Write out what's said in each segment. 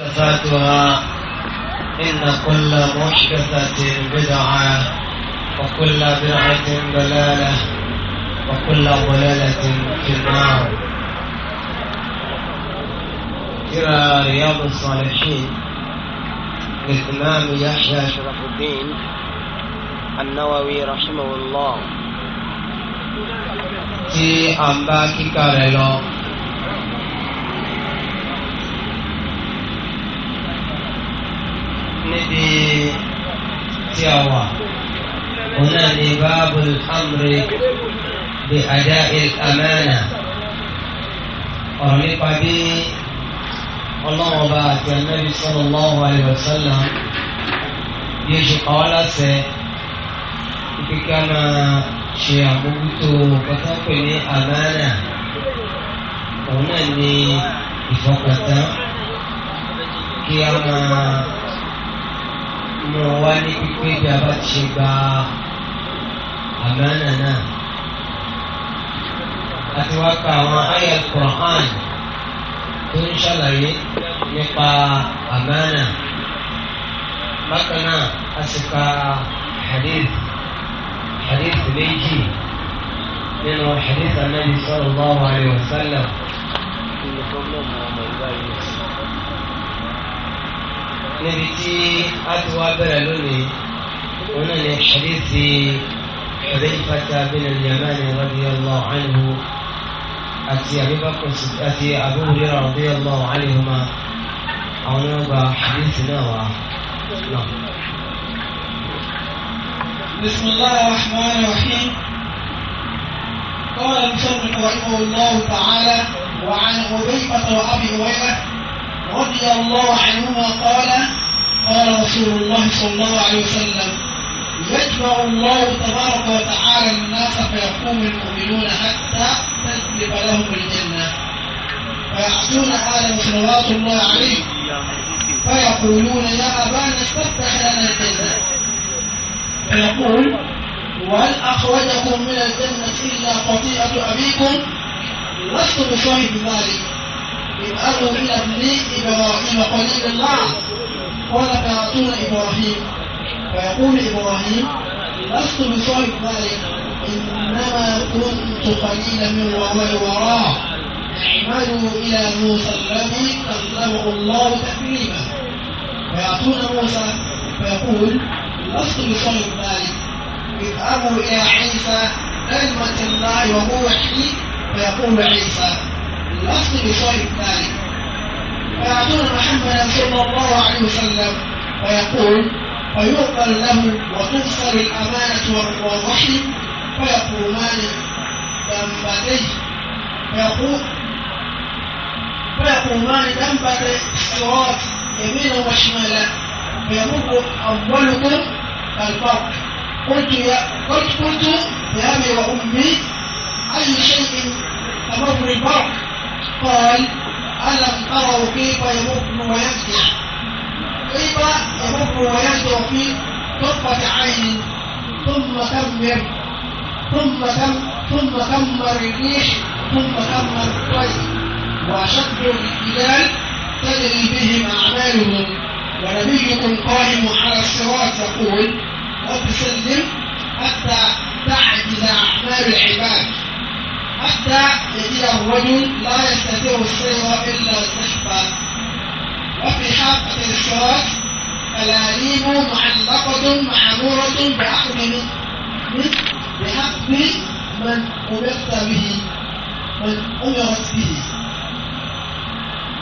محدثاتها إن كل محدثة بدعة وكل بدعة ضلالة وكل ضلالة في النار إلى رياض الصالحين للإمام يحيى شرف الدين النووي رحمه الله في أمباكي كاريلو níbi tí a wà òun náà ní báàbùl amri bi ada'il amana ọ̀rọ̀ nípa bí ọlọ́wọ́n bá àti anábì sallallahu alaihi wasallam bí o ṣe pa wá láṣẹ kíkà máa ṣe àmójútó kọ́tà ní amana òun náà ní ìfọkàntán kí a máa mú wá ní pípé bí a bá ti ṣe gba àmánà náà àti wá ka àwọn àyà Qur'an tó ń ṣàlàyé nípa àmánà bákan náà a sì ka hadith hadith méjì nínú hadith anabi sallallahu alayhi wa sallam. níbi tí a ti wá bẹ̀rẹ̀ lónìí wọn náà ní hadithi Hudhayfata bin al-Yamani radiyallahu anhu àti Abubakar àti Abu Hurairah radiyallahu anhuma àwọn náà gba hadithi náà wá náà. بسم الله الرحمن الرحيم قال المصنف رحمه الله تعالى وعن حذيفة وأبي هريرة رضي الله عنهما قال قال رسول الله صلى الله عليه وسلم يجمع الله تبارك وتعالى الناس فيقوم المؤمنون حتى تجلب لهم الجنة فيعطون آدم صلوات الله عليه فيقولون يا أبانا افتح لنا الجنة فيقول وهل أخرجكم من الجنة إلا خطيئة أبيكم لست بصاحب ذلك من أمر أبن إبراهيم خليل الله قال فيعصون إبراهيم فيقول إبراهيم لست بصاحب ذلك إنما كنت قليلا من وراء وراه اعملوا إلى موسى الذي كلمه الله تكريما فيعطون موسى فيقول لست بصاحب مالك اذهبوا إلى عيسى كلمة الله وهو حي فيقول عيسى الأصل يصلي الثاني فيعطون محمدا صلى الله عليه وسلم ويقول فيعقل له وتنصر الأمانة والرحم فيقومان ذنبتيه فيقول فيقومان ذنبتي الصراط يمينا وشمالا فيمر أولكم الفرق قلت يا قلت قلت يا أبي وأمي أي شيء تمر الفرق قال ألم تروا كيف يمكن ويخدع كيف يمكن ويخدع في طرفة عين ثم تمر ثم تم ثم تمر الريح ثم تمر الطير وأشد الجبال تجري بهم أعمالهم ونبيكم قائم على الصراط يقول رب حتى تعجز أعمال العباد حتى يجده الرجل لا يستطيع السير إلا الصحبة وفي حافة الصراط الاليم معلقة معمورة بعقد بحق من أمرت به من أمرت به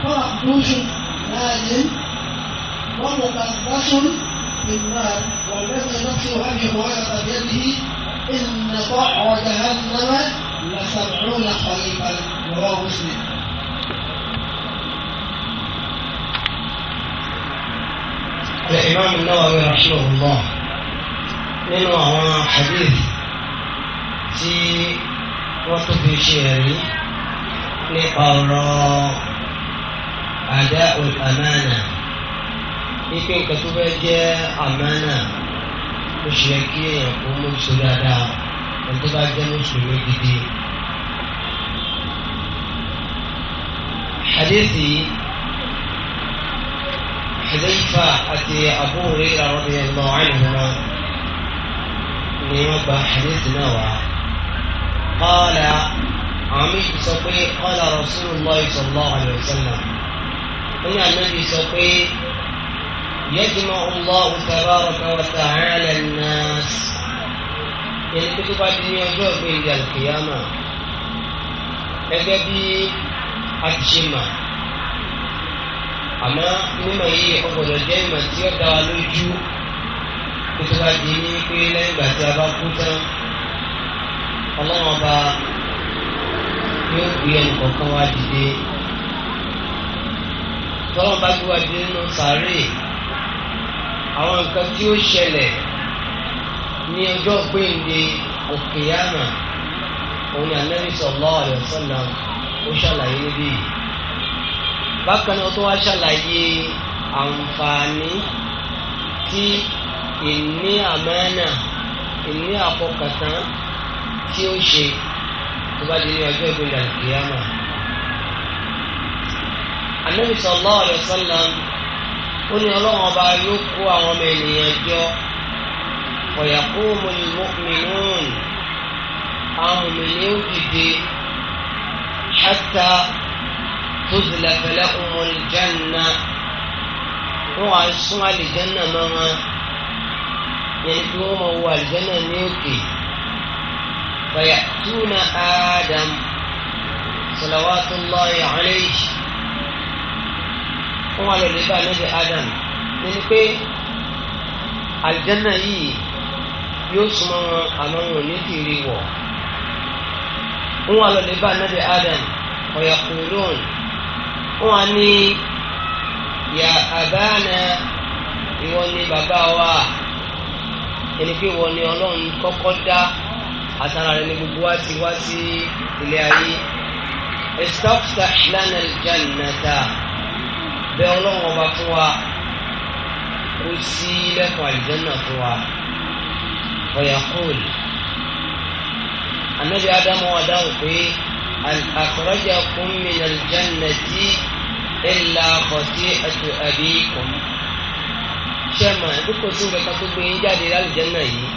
فمقدوش لازم ومقدس في النار والذي نفس أبي هريرة بيده إن طاع جهنم وسبعون خليفة رواه مسلم الإمام النووي رحمه الله nínú àwọn hadith tí wọ́n tó fi ṣe ẹ̀rí nípa ọ̀rọ̀ àdá àmánà wípé nǹkan tó fẹ́ jẹ́ àmánà ó ṣe kí èèyàn kó mú sórí dáadáa. ẹni tó bá jẹ́ mùsùlùmí gidi. hadithi Hudhayfa àti Abu Hurairah radiyallahu anhuma ni wọ́n gba hadithi náà wá. qala àwọn méjì sọ pé qala Rasulullah sallallahu alayhi wa sallam. wọ́n ní ànábì sọ pé. يجمع الله تبارك وتعالى الناس yẹn kó tó bá di ní ọjọ́ ọ̀gbìn ìdí àlùkìyàmà gẹ́gẹ́ bí a ti ṣe mà àmọ́ mímọ̀ yìí ọgbọ̀dọ̀ jẹ́ ìmọ̀ tí ó dá wa lójú kó tó bá di ní pé lẹ́yìn ìgbà tí a bá kú tán ọlọ́run ọba yóò gbé ẹnì kọ̀ọ̀kan wá dìde tọ́lọ́mọba gbé wá dìde nínú sàárè àwọn nǹkan tí ó ṣẹlẹ̀ ní ẹjọ́ gbéǹde òkèèyàmà òun ni anabi sallallahu alaihi wasallam ó ṣàlàyé níbí bákan náà tó wá ṣàlàyé àǹfààní tí ìní àmánà ìní àfọkàtán tí ó ṣe tó bá di ní ọjọ́ ìgbéga ìkìyàmà. anabi sallallahu alaihi wasallam ó ní ọlọ́run ọba yóò kó àwọn ọmọ ènìyàn jọ. ويقوم المؤمنون من بدي حتى تزلف لهم الجنة روح السماء لجنة ما يدوم هو الجنة نيوكي فيأتون آدم صلوات الله عليه هو الذي بقى نبي آدم نلقي يعني الجنة هي yóò súnmọ́ wọn àmọ́ wọn ò ní kiri wọ̀ wọn wà lọ́dẹ bá nàbẹ adam ọ̀yà kúrún wọn wà ní yà àbáàna ìwọ ni bàbá wa ẹni pé ìwọ ni ọlọ́run kọ́kọ́ dá àtàrà rẹ ní gbogbo wa ti wá sí ilé ayé ẹsítọ́fùtà lánàá jannata bẹ́ẹ̀ ọlọ́run ọba fún wa kó sí lẹ́kọ̀ọ́ àlùjànnà fún wa. فيقول النبي آدم وداوكي أن أخرجكم من الجنة إلا خطيئة أبيكم ṣẹ́mà dípò sí nǹkan kan tó gbé yín jáde lálùjẹ́nà yìí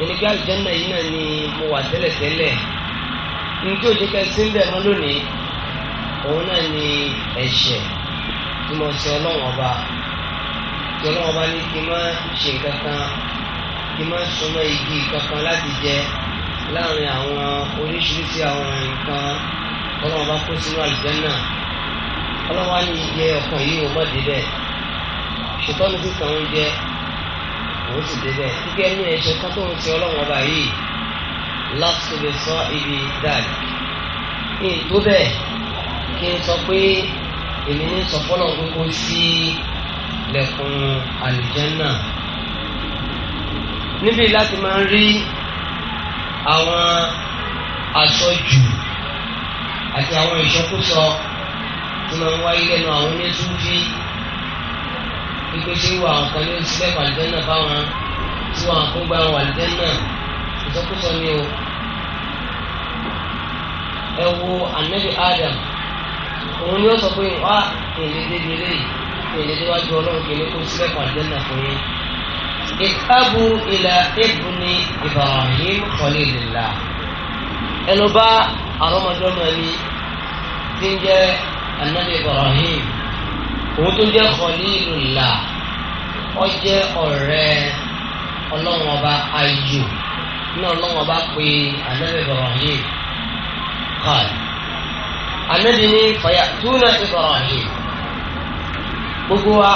ẹni pé àlùjẹ́nà yìí náà ni mo wà tẹ́lẹ̀tẹ́lẹ̀ ní tí òjò kẹsí ń bẹ̀ mọ́ lónìí òun náà ni ẹ̀ṣẹ̀ tí mo ṣe ọlọ́wọ́n ọba tí ọlọ́wọ́n ọba ní kí n má ṣe nǹkan kan kí n má súnmọ́ igi kankan láti jẹ láàrin àwọn oríṣiríṣi àwọn nǹkan ọlọ́run bá kó sínú àlùjànnà ọlọ́run á ní ìjẹ ọkàn yìí wọ́n mọ̀dé bẹ́ẹ̀ ṣùgbọ́n ní sísan oúnjẹ òun sì dé bẹ́ẹ̀ kíkẹ́ ní ẹ̀ṣẹ̀ kan tó ń ṣe ọlọ́run ọba yìí lásìkò sọ ibi dáàdì kí n tó bẹ́ẹ̀ kí n sọ pé èmi ní sọ fọ́nà gbogbo sí lẹ́kùn àlùjànnà níbi láti máa ń rí àwọn àsọjù àti àwọn ìsọkúsọ tí máa ń wáyé lẹ́nu àwọn oníṣúfí ìgbésí wo àwọn kan ní oṣù mẹ́fà àlùjẹ́ náà báwọn tí wọn kó gba àwọn àlùjẹ́ náà ìsọkúsọ ni o ẹ wo anabi adam òun ni ó sọ pé wá kò lè débi eléyìí kò lè déwájú ọlọ́run kì í ní kó sílẹ̀ pàdé náà fún yín ìhábù ilà ibni Ibrahim Khalilillah ẹnu bá àrọ́mọdọ́mọ ẹni tí ń jẹ́ anabi Ibrahim òun tó jẹ́ Khalilillah ó jẹ́ ọ̀rẹ́ ọlọ́wọ́n ọba ayò ní ọlọ́wọ́n ọba pé anabi Ibrahim kan anabi ní fayatuna Ibrahim gbogbo wa.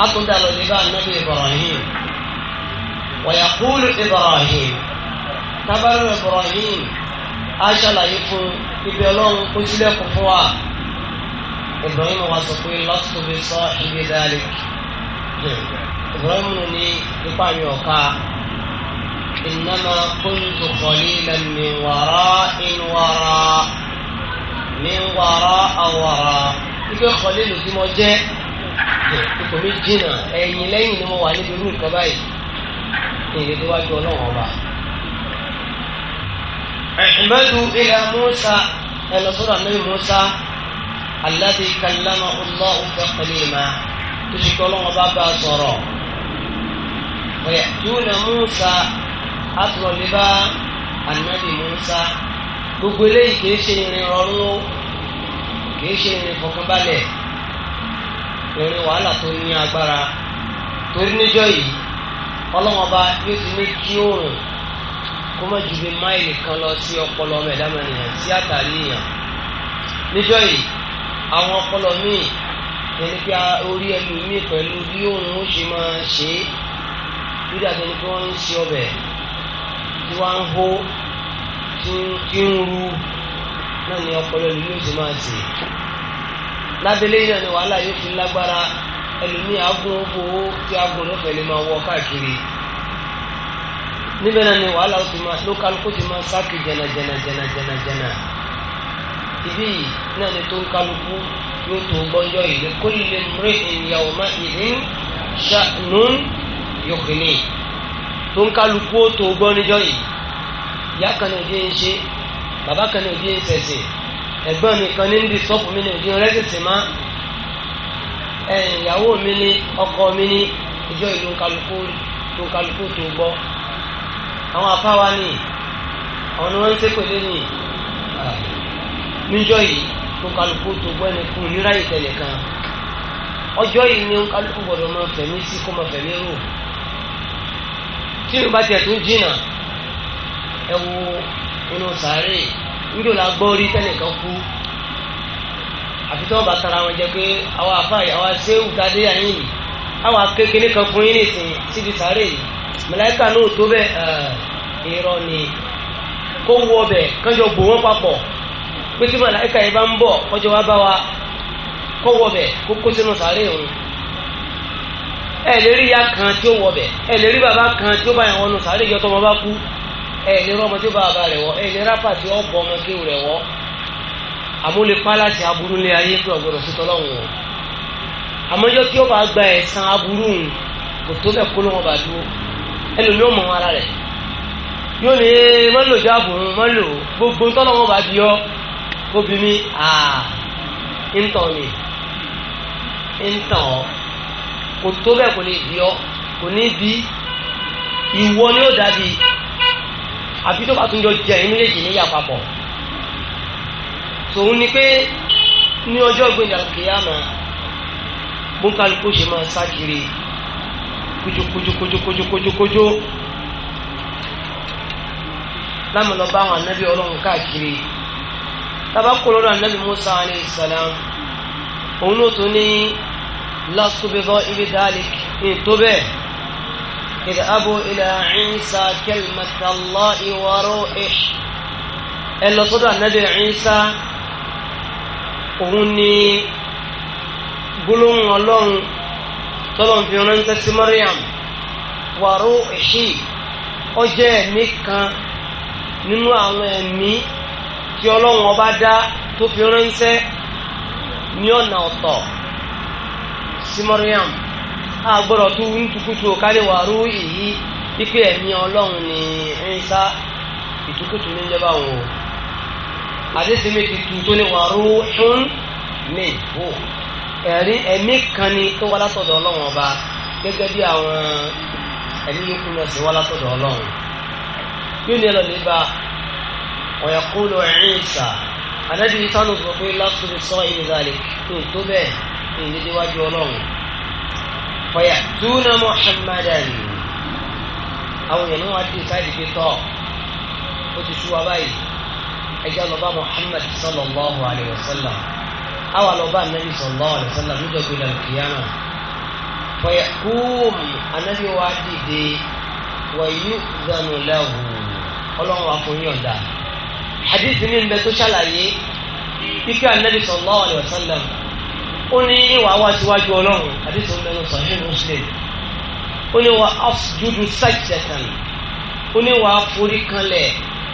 أطلب الإبان نبي إبراهيم ويقول إبراهيم كبر إبراهيم أشل يكون إبلون كتلة كفوا إبراهيم وصفه لست بصاحب ذلك إبراهيم ني إبان يوكا إنما كنت خليلا من وراء وراء من وراء وراء إبراهيم خليل كما جاء kò ní jìnnà ẹ̀yìn lẹ́yìn ni mo wà níbi irú nǹkan báyìí ní ìrètí wájú ọlọ́wọ́n musa احمدوا إلى موسى إلى صورة النبي موسى الذي كلمه الله تكليما baa الله بابا صورة na موسى gbogbo eléyìí ṣe rọrùn ṣe fọkànbalẹ̀ òun ni wàhálà tó ní agbára torí níjọ́ yìí ọlọ́wọ́n bá yóò ti ní kí oòrùn kó má ju bí máìlì kan lọ sí ọpọlọ ọmọ ẹ̀dá mẹ́rin sí àtàrí èèyàn níjọ́ yìí àwọn ọpọlọ míì ẹni pé orí ẹlòmíì pẹ̀lú bí oòrùn ó ṣe máa ṣe é lórí àtẹni pé wọ́n ń ṣe ọbẹ̀ tí wọ́n ń hó tí ń ru náà ni ọpọlọ ẹlòmíì ó ti máa ṣe é lábẹ́lé yìí ni wàhálà yóò fi lágbára ẹlòmíì agún owó tí agún ló fẹ́ máa wọ káàkiri níbẹ̀ náà ni wàhálà ó ti máa lókàlùkù ti máa sáàkì jẹnà jẹnà jẹnà jẹnà jẹnà ibi yìí náà ni tó ń kálukú yóò tó gbọ́njọ́ yìí kó lè múré ìyàwó má ìhín ṣàánún yòkìní tó ń kálukú ó tó gbọ́ níjọ́ yìí ìyá kan ní òdi ń ṣe bàbá kan ní òdi ń ṣẹ̀ṣẹ̀ ẹ̀gbọ́n mi kan ní ń di sọ́ọ̀pù mi ní òdiwọ̀n rẹ̀ sì sì má ìyàwó mi ní ọkọ mi ní ìjọ ìlú kálukú tó kálukú tó gbọ́ àwọn afáwa ni àwọn ni wọ́n ń ni níjọ́ yìí tó kálukú tó gbọ́ ẹni kú nírà ìtẹ̀lẹ̀ kan ọjọ́ yìí ni kálukú gbọ́dọ̀ máa fẹ̀mí sí kó máa fẹ̀mí rò tí ìlú tiẹ̀ tó jìnnà ẹ wo inú sàárè ndị ụlọ gbọ́ rí tẹ́nìkan kú àfi tí wọn jẹ pé àwọn afáàyè àwọn aṣẹ́wù tadé àyìn yìí àwọn akékeré kan fún yín nìsín síbi sáré yìí màláíkà náà tó ni kó wọ ọbẹ̀ kánjọ bò wọ́n papọ̀ pé tí màláíkà yìí bá ya kan tí ó ọbẹ ẹ bàbá kan tí ó bá yẹn wọnú sáré yìí ẹ lè rọ ọmọdé bàbá rẹ̀ wọ ẹ lè rápà tí ọ̀bọ ọmọdé rẹ̀ wọ àmúlẹ̀ pálásì aburú ní ayé pé ọ̀gbọ́dọ̀ sí tọ́lọ́hún o àmọ́jọ́ tí ó bá gba ẹ̀san aburú ń kò tó bẹ̀ kó ló wọn bá dúró ẹlòmí ò mọ ara rẹ̀ yóò ní mọ́lò jáàbù mọ́lò gbogbo tọ́lọ́ bá di ọ́ kó bí mi ń tàn ni ń tàn kò tó bẹ̀ kò lè di ọ́ kò ní bí ìwọ ni ó dàbí àbí tó bá tún jọ jẹ ẹ̀yìn méjèèjì níyà papọ̀ tòun ni pé ní ọjọ́ ìgbéyà kìyàmà bóńkálukú ṣe máa sá kiri kójókójókójókójókójókójó láàmú lọ bá àwọn anábì ọlọ́run káàkiri tábà kó lọ́dọ̀ anábì Musa alayhi salam òun ló tún ní lásùbẹ́fọ́ ibi dáálí ní tó اذهبوا إلى عيسى كلمة الله وروحه ẹlọ sọ́dọ̀ ànábì Ìsá òun ni gbólóhùn Ọlọ́run tọlọ́run fi ránṣẹ́ sí Mariam wa ruhi ó jẹ́ ẹ̀mí kan nínú àwọn ẹ̀mí tí Ọlọ́run ọba dá tó fi ránṣẹ́ ní ọ̀nà ọ̀tọ̀ sí Mariam a gbọ́dọ̀ tún ń tukutu kárí wàrú èyí ipe ẹ̀mí ọlọ́run ní ẹ̀ńsá ìtukutu ní ìjọba wò àdéhùnmí ti tu tó ní wàrú hún ní ìbò ẹ̀rí ẹ̀mí kan ni tó wá látọ̀dọ̀ ọlọ́run ọba gẹ́gẹ́ bí àwọn ẹ̀mí yòókù náà sì wá látọ̀dọ̀ ọlọ́run yóò ní ẹlọ́ni bá ọ̀yàkúlò ẹ̀ńsá àdébí ìtànù sọ pé lásìkò sọ ìdílé tó bẹ́ẹ̀ ìdíléwájú ọlọ́run fọyàtúnà muhammadan àwọn èèyàn ní wọn ti sáyẹ̀dì pé tọ́ ó ti ṣúwa báyìí ẹjọ́ lọ́ba muhammad sallallahu alayhi wa sallam àwa lọ́ba anabi sallallahu alayhi wa sallam níjọ́ gbé lọ́kìyàmà fọyàkúùm anabi wa dìde wọ̀nyí zanu lahu wa fún yọ̀ǹda hadith ní nbẹ tó ṣàlàyé kíkẹ́ anabi sallallahu alayhi wa sallam ó ní ìwà wá síwájú ọlọ́run àdìsọ lẹ́nu sọ̀hìn muslim ó ní wà áfùjúdù sáìtẹ̀tàn ó ní wà foríkanlẹ̀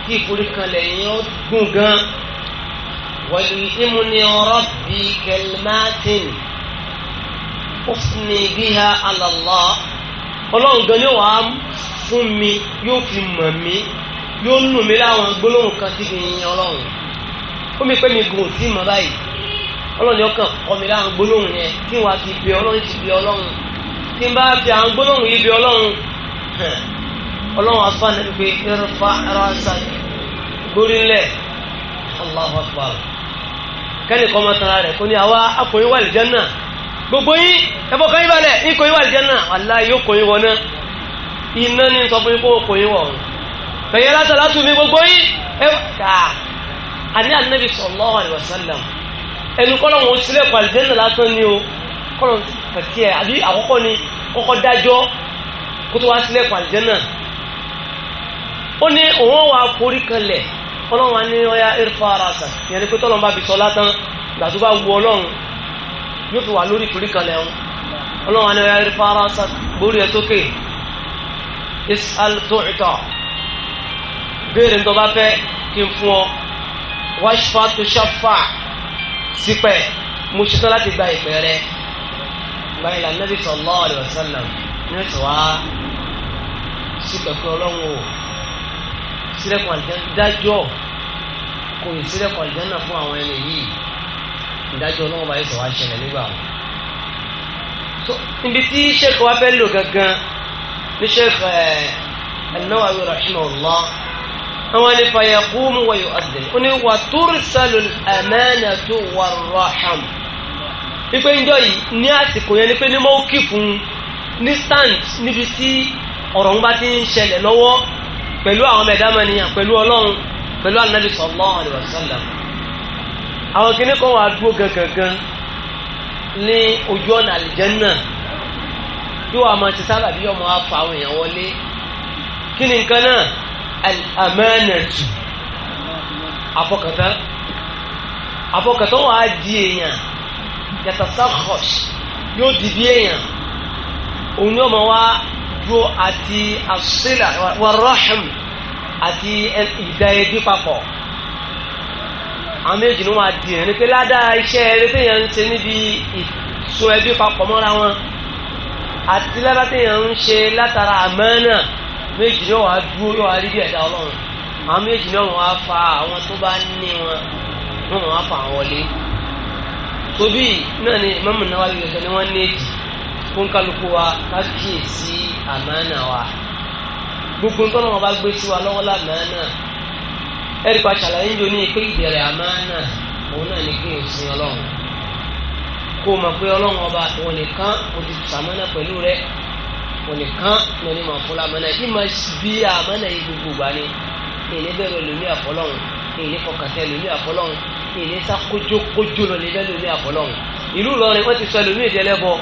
kí foríkanlẹ̀ yẹn ó gùn gan wàlú ìmúni ọ̀rọ̀ bíi kẹlmáàtìn ó fún mi bí ha àlàlá ọlọ́run gan ni wàá fún mi yóò fi mọ̀ mí yóò nù mí láwọn gbólóhùn kan tí kì í yan ọlọ́run ó mi pé mi gùn tí mọ̀ báyìí ọlọ́run yóò kàn kọ́ mi láwọn gbólóhùn yẹn kí wàá ti bẹ ọlọ́run ti bẹ ọlọ́run tí n bá fi àwọn gbólóhùn yìí bẹ ọlọ́run ọlọ́run afa nàbí pé irfa rasa gbórí lẹ̀ Allahu akbar kẹ́ni kọ́ máa tara rẹ̀ kó ní àwa akọ̀yìn wà lìjẹ́ náà gbogbo yín ẹ̀fọ́ kan yín balẹ̀ ikọ̀yìn wà lìjẹ́ náà wàlá yóò kọ̀yìn wọ̀ náà iná ní sọ fún yín kó kọ̀yìn wọ̀ fẹ̀yẹ́ látàlátù mi gbogbo yín ẹ̀ ká àní ànábì sallallahu alaihi wasallam ẹnu kọ́lọ̀ wọn sílẹ̀ pàlìjẹ́nà látàn ni o kọ́lọ̀ pàtí ẹ̀ àbí àkọ́kọ́ ni kọ́kọ́ dájọ́ kó tó wá sílẹ̀ pàlìjẹ́nà ó ní òun wà forí kanlẹ̀ ọlọ́run wa ní ọya irfa ara sàn ìyẹn ni pé tọ́lọ́run bá fi sọ látàn ìgbà tó bá wu ọlọ́run yóò fi wà lórí forí kanlẹ̀ ọ̀hún ọlọ́run wa ní ọya irfa ara sàn gbórí ẹ sókè isal tu'ta béèrè ń tọ́ kí n fún ọ wáṣífà tó ṣàfà sípẹ̀ mo ṣetán láti gba ìpè rẹ ìgbà yẹn lànà bí sallallahu alaihi wasallam ní ẹ̀sọ̀ wá sípẹ̀ pé ọlọ́run o sílẹ̀kùn àlùjánnà dájọ́ kò ní sílẹ̀kùn àlùjánnà fún àwọn ẹni yìí ìdájọ́ ọlọ́run báyìí sọ wá ṣẹlẹ̀ nígbà wọn. níbi tí sẹ́kọ̀ wá fẹ́ lò gangan ní sẹ́kọ̀ ẹ̀ ẹ̀ náwó ayọ̀ rahimahullah àwọn ni fayaqumu wa yu'adhdhin ó ní wà tursalu al-amanatu war-raham wípé ń jọ yìí ní àsìkò yẹn ni pé ní mọ́ọ́ kì fún ní stand níbi tí ọ̀rọ̀ ń bá ti ń ṣẹlẹ̀ lọ́wọ́ pẹ̀lú àwọn ọmọ ẹ̀dá mẹ́niyàn pẹ̀lú ọlọ́run pẹ̀lú anabi sallallahu alaihi wasallam àwọn kìnnìún kan wà á dúró gangan ní ojú ọ̀nà àlìjẹ́nà yóò wà máa ti sábà ọmọ afa àwọn èèyàn wọlé kí ni nǹkan náà al-amanatu afọkàntán afọkàntán wà á di èèyàn yàtọ̀ sakhosh yóò di bí èèyàn òun yóò máa wá dúró àti asila wà rọ́ṣùm ati ìdá ẹbí papọ̀ àwọn méjì ni wọ́n á di èèyàn ní pé ládàá iṣẹ́ eré téèyàn ń ṣe níbi ìso ẹbí papọ̀ mọ́ra wọn àti ládàá téèyàn ń ṣe méjì yóò wá dúró yóò wá rí bí ẹ̀dá ọlọ́run àwọn méjì náà wọ́n á fa àwọn tó bá ní wọn wọ́n wọ́n á fa àwọn wọlé tóbi náà ni mọ́mù náà wá gbẹ̀gbẹ̀ ni wọ́n ní èjì fún kálukú wa ká kíyèsí àmánà wa gbogbo nǹkan náà wọ́n bá gbé sí wa lọ́wọ́ lámánà ẹ̀rí pa ṣàlàyé ń lóní pé ìbẹ̀rẹ̀ àmánà òun náà ní kí n sin ọlọ́run kó o mọ̀ pé ọlọ́run ọba òun nìkan òtítù sàmánà pẹ̀lú rẹ̀ onìkan ní onímọ̀ fúnra mọ́nà bí mo bí àmọ́nà yìí gbogbo gbà ni ìní bẹ̀rẹ̀ lómi àfọlọ́hún ìní kọkàtẹ́ lómi àfọlọ́hún ìní sákójókójó lọ níbẹ̀ lómi àfọlọ́hún ìlú Ìlọrin wọ́n ti sọ lómi ìdẹ́lẹ́ bọ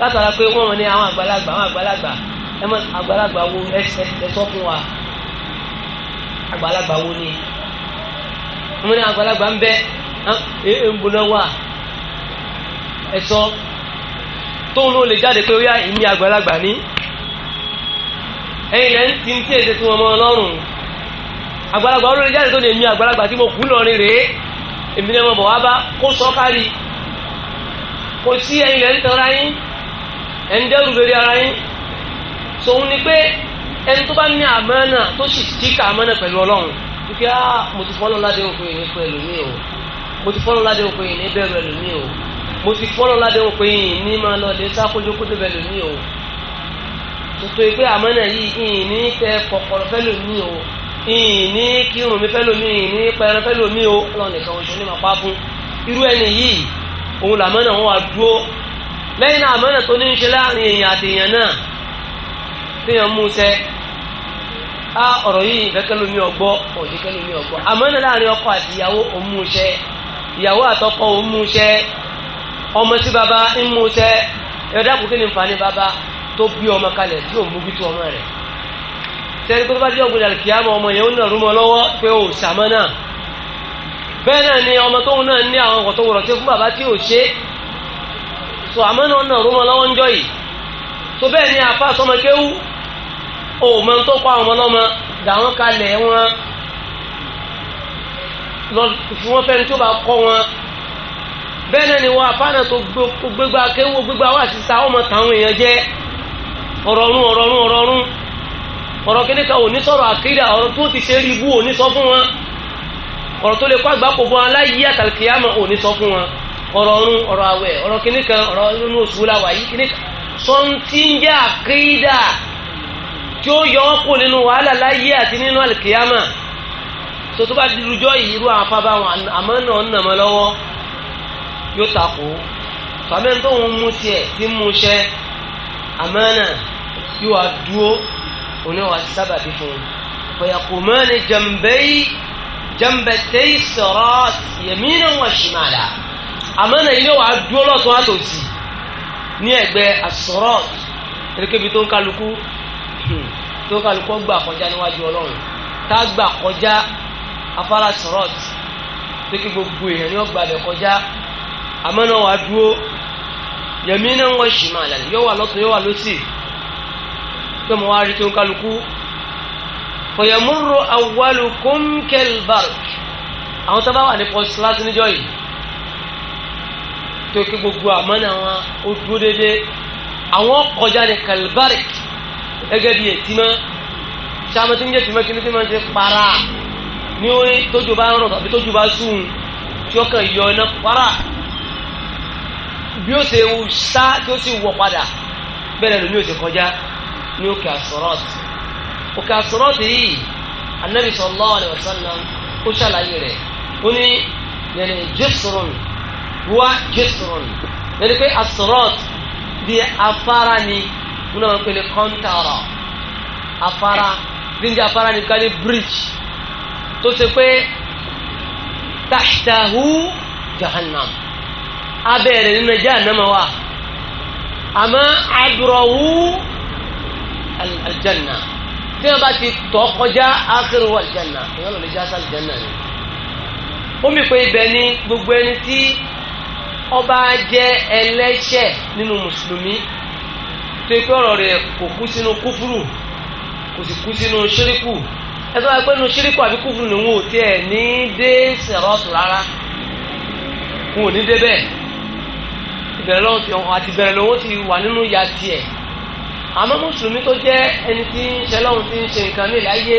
látara pé wọ́n ní àwọn àgbàlagbà àwọn àgbàlagbà àgbàlagbà wo ẹsọ fún wa àgbàlagbà wo ni wọ́n ní àgbàlagbà ń bẹ ẹ̀ ń bọ́ná wà ẹ̀sọ́ tóun ló lè jáde pé ó yá ìní àgbàlagbà ní ẹ̀yin lẹ́yìn tí ń tí èsè tí wọ́n mọ́ ọlọ́run àgbàlagbà olórí jáde tó lè mi àgbàlagbà tí mo kú lọrin rèé èmi lẹ́mọ̀ bọ̀ wá bá kó sọ kárí kò sí ẹ̀yin lẹ́yìn tọ́ra yín ẹ̀yin dẹ́rù lórí ara yín sòun ni pé ẹni tó bá ní àmánà tó sì kíkà àmánà pẹ̀lú ọlọ́run wípé ah mo ti fọ́nà ládé òkú yìí nípa ẹlòmíì o mo ti fọ́nà ládé òkú yìí ní bẹ̀rù ẹlòmíì o mo ti fọ́nà ládé òkú yìí ní máa lọ Tutu yìí pé àmọ́nà yìí ìyìn ní tẹ kọ̀kọ̀rọ̀ fẹ́lò mi o ìyìn ní kírun mi fẹ́lò mi ìyìn ní pẹran fẹ́lò mi o ọlọ́run nìkan oṣù ní màá pa fún irú ẹni yìí òun làmọ́nà wọn wà dúró lẹ́yìn náà àmọ́nà tó ní ń ṣe láàrin èèyàn àti èèyàn náà téèyàn mú sẹ́ á ọ̀rọ̀ yìí ìfẹ́kẹ́lómi ọgbọ́ ọ̀dẹ́kẹ́lómi ọgbọ́ àmọ́nà láàrin ọkọ àti ìyàwó òun mú sẹ́ ìyàwó àtọkọ òun mú sẹ́ ọmọ sí baba ń mú sẹ́ ẹ̀dá kò kí ni nfa ní baba tó bí ọmọ kalẹ̀ tí ò mójútó ọmọ rẹ̀ tẹ́lẹ̀ tó bá dé ọ̀gbìn àlùkìyàmọ̀ ọmọ yẹn ó nà rúmọ lọ́wọ́ pé ò sàmọ́ náà bẹ́ẹ̀ náà ni ọmọ tóun náà ní àwọn ọkọ̀ tó wọ̀rọ̀ tí fún bàbá tí ò ṣe so àmọ́ náà nà rúmọ lọ́wọ́ ń jọ yìí so bẹ́ẹ̀ ni àfa sọmọ kéwú ò mọ tó pa ọmọ lọ́mọ dà wọ́n kalẹ̀ wọn lọ fún wọn fẹ́ni tó bá kọ́ wọn bẹ́ẹ̀ náà ni wọn àfa náà tó gbégbá kéwú gbégbá wà sísá ọmọ táwọn èèyàn jẹ́ ọ̀rọ̀rún ọ̀rọ̀rún ọ̀rọ̀rún ọ̀rọ̀ kíní kan òní sọ̀rọ̀ àkídà ọ̀rọ̀ tó ti ṣe rí ibú òní sọ fún wọn ọ̀rọ̀ tó lè kó àgbákò bọ́ aláyé àtàlùkìyàmọ̀ òní sọ fún wọn ọ̀rọ̀ ọ̀run ọ̀rọ̀ àwẹ̀ ọ̀rọ̀ kíní kan ọ̀rọ̀ inú oṣù làwà yìí kíní kan sọ ń tí ń jẹ́ àkídà tí ó yọ ọ́ kó nínú wàhálà láyé àti nínú àlùkìyàmọ̀ tó tó bá dirujọ́ yìí irú àwọn afábá wọn àmọ́ náà ń nàmọ́ lọ́wọ́ yóò takò fàmẹ́ńtò ń mú tiẹ̀ tí ń mú ṣẹ́ àmánà tí wàá dúró oní wàá ti sábà bí fún un fayaqumani jambay jambatay sirat yaminan wa shimala àmánà ilé wàá dúró lọ́tún àtòsí ní ẹ̀gbẹ́ as-sirat erékèbi tó ń kálukú tó ń kálukú gbà kọjá níwájú ọlọ́run tá a gbà kọjá afárá sirat kí gbogbo èèyàn ni wọ́n gbà bẹ̀ kọjá àmánà wàá dúró yaminan wa shimalan yóò wà lọ́tún yóò wà lọ́sì pé mo wá rí tó ń kálukú fọyàmúrò awwalukum kẹlbark àwọn tó bá wà ní first class níjọ́ yìí tó kí gbogbo àmọ́nà wọn ó dúró déédéé àwọn kọjá ní kẹlbark gẹ́gẹ́ bí ètìmọ́ sáàmù tí ń jẹ́ tìmọ́ kíní tí máa ń ṣe para ní tójú bá ń rọ̀ tàbí tójú bá sùn tí ọkàn yọ iná para bí ó ṣe wù sá tó sì wọ̀ padà bẹ́ẹ̀ lómi ò ti kọjá ní òkè àsọ̀rọ̀t òkè àsọ̀rọ̀t yìí anabi sallallahu alaihi wasallam ó ṣàlàyé rẹ̀ ó ní yẹn jésùrùn wá jésùrùn yẹn ni pé àsọ̀rọ̀t bí afárá ni wọn náà ń pè ní kọ́ńtàrà afárá níjà afárá ni kálí bíríjì tó ṣe pé tàṣtàhù jahannam abẹ́ rẹ̀ nínú jahannama wà àmọ́ àdùrọ̀wù aljanna tí wọ́n bá ti tọ́ kọjá akérò aljanna ìyọ́n lọ́ọ́ já sálì janna ni ó mi pé ibẹ̀ ni gbogbo ẹni tí ọba jẹ́ ẹlẹ́ṣẹ̀ nínú mùsùlùmí tó ikú ọ̀rọ̀ rẹ̀ kò kú sínú kúfúrù kò sì kú sínú ṣíríkù ẹ tó wá pé nu ṣíríkù àbí kúfúrù nìhun ò tiẹ̀ ní dé sẹ̀rọ̀tù rárá n ò ní dé bẹ́ẹ̀ ìbẹ̀rẹ̀ lọ́wọ́ ti ọ̀hún àti ìbẹ̀rẹ̀ lọ́wọ́ ti wà nínú ya tiẹ̀ àmọ́ mùsùlùmí tó jẹ́ ẹni tí ń ṣe lọ́hùn tí ń ṣe nǹkan mí láyé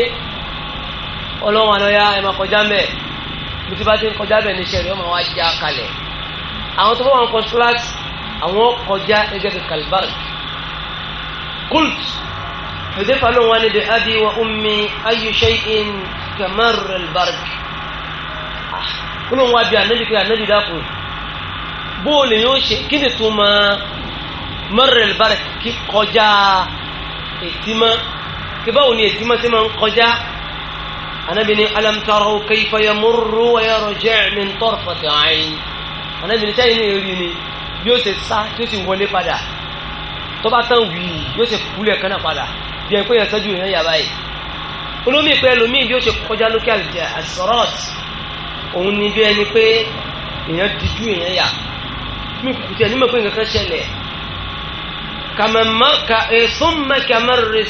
ọlọ́run àlọ́yà ẹ̀ máa kọjá mẹ́ẹ̀ bí tí bá ti ń kọjá bẹ́ẹ̀ ní sẹ́rẹ̀ ọmọ wa já kalẹ̀ àwọn tó bá wọn construct àwọn kọjá ẹgbẹ́ kàkàlbàr kult Hudhayfa ló wà ní bi abi wa ummi ayyu shay'in kamar albark ah, kúló ń bí anabi pé anabi dákun bóòlù yóò ṣe kí ni tó máa mọ́rẹ̀lì bá rẹ̀ kí kọjá ètímọ́ kí báwo ni ètímọ́ ti máa ń kọjá anabi ni alam taraw kayfa yamurru wa yarji' min tarfati ayn anabi ni sẹ́yìn ní èrì ni yóò ṣe sá yóò ṣe wọlé padà tó bá tán wì í yóò ṣe kúlẹ̀ kánà padà bí ẹni yẹn sẹ́jú yẹn yàrá yìí olómi pẹ́ lómi bí ó ṣe kọjá lókè àlùjẹ àṣọrọ́ọ̀tì òun ni bí ẹni pé èèyàn dijú èèyàn yàrá mi kùkù tẹ̀ nímọ̀ pé nǹkan kan ṣẹlẹ̀ kàmẹ́mọ́ka e, thumma kamarri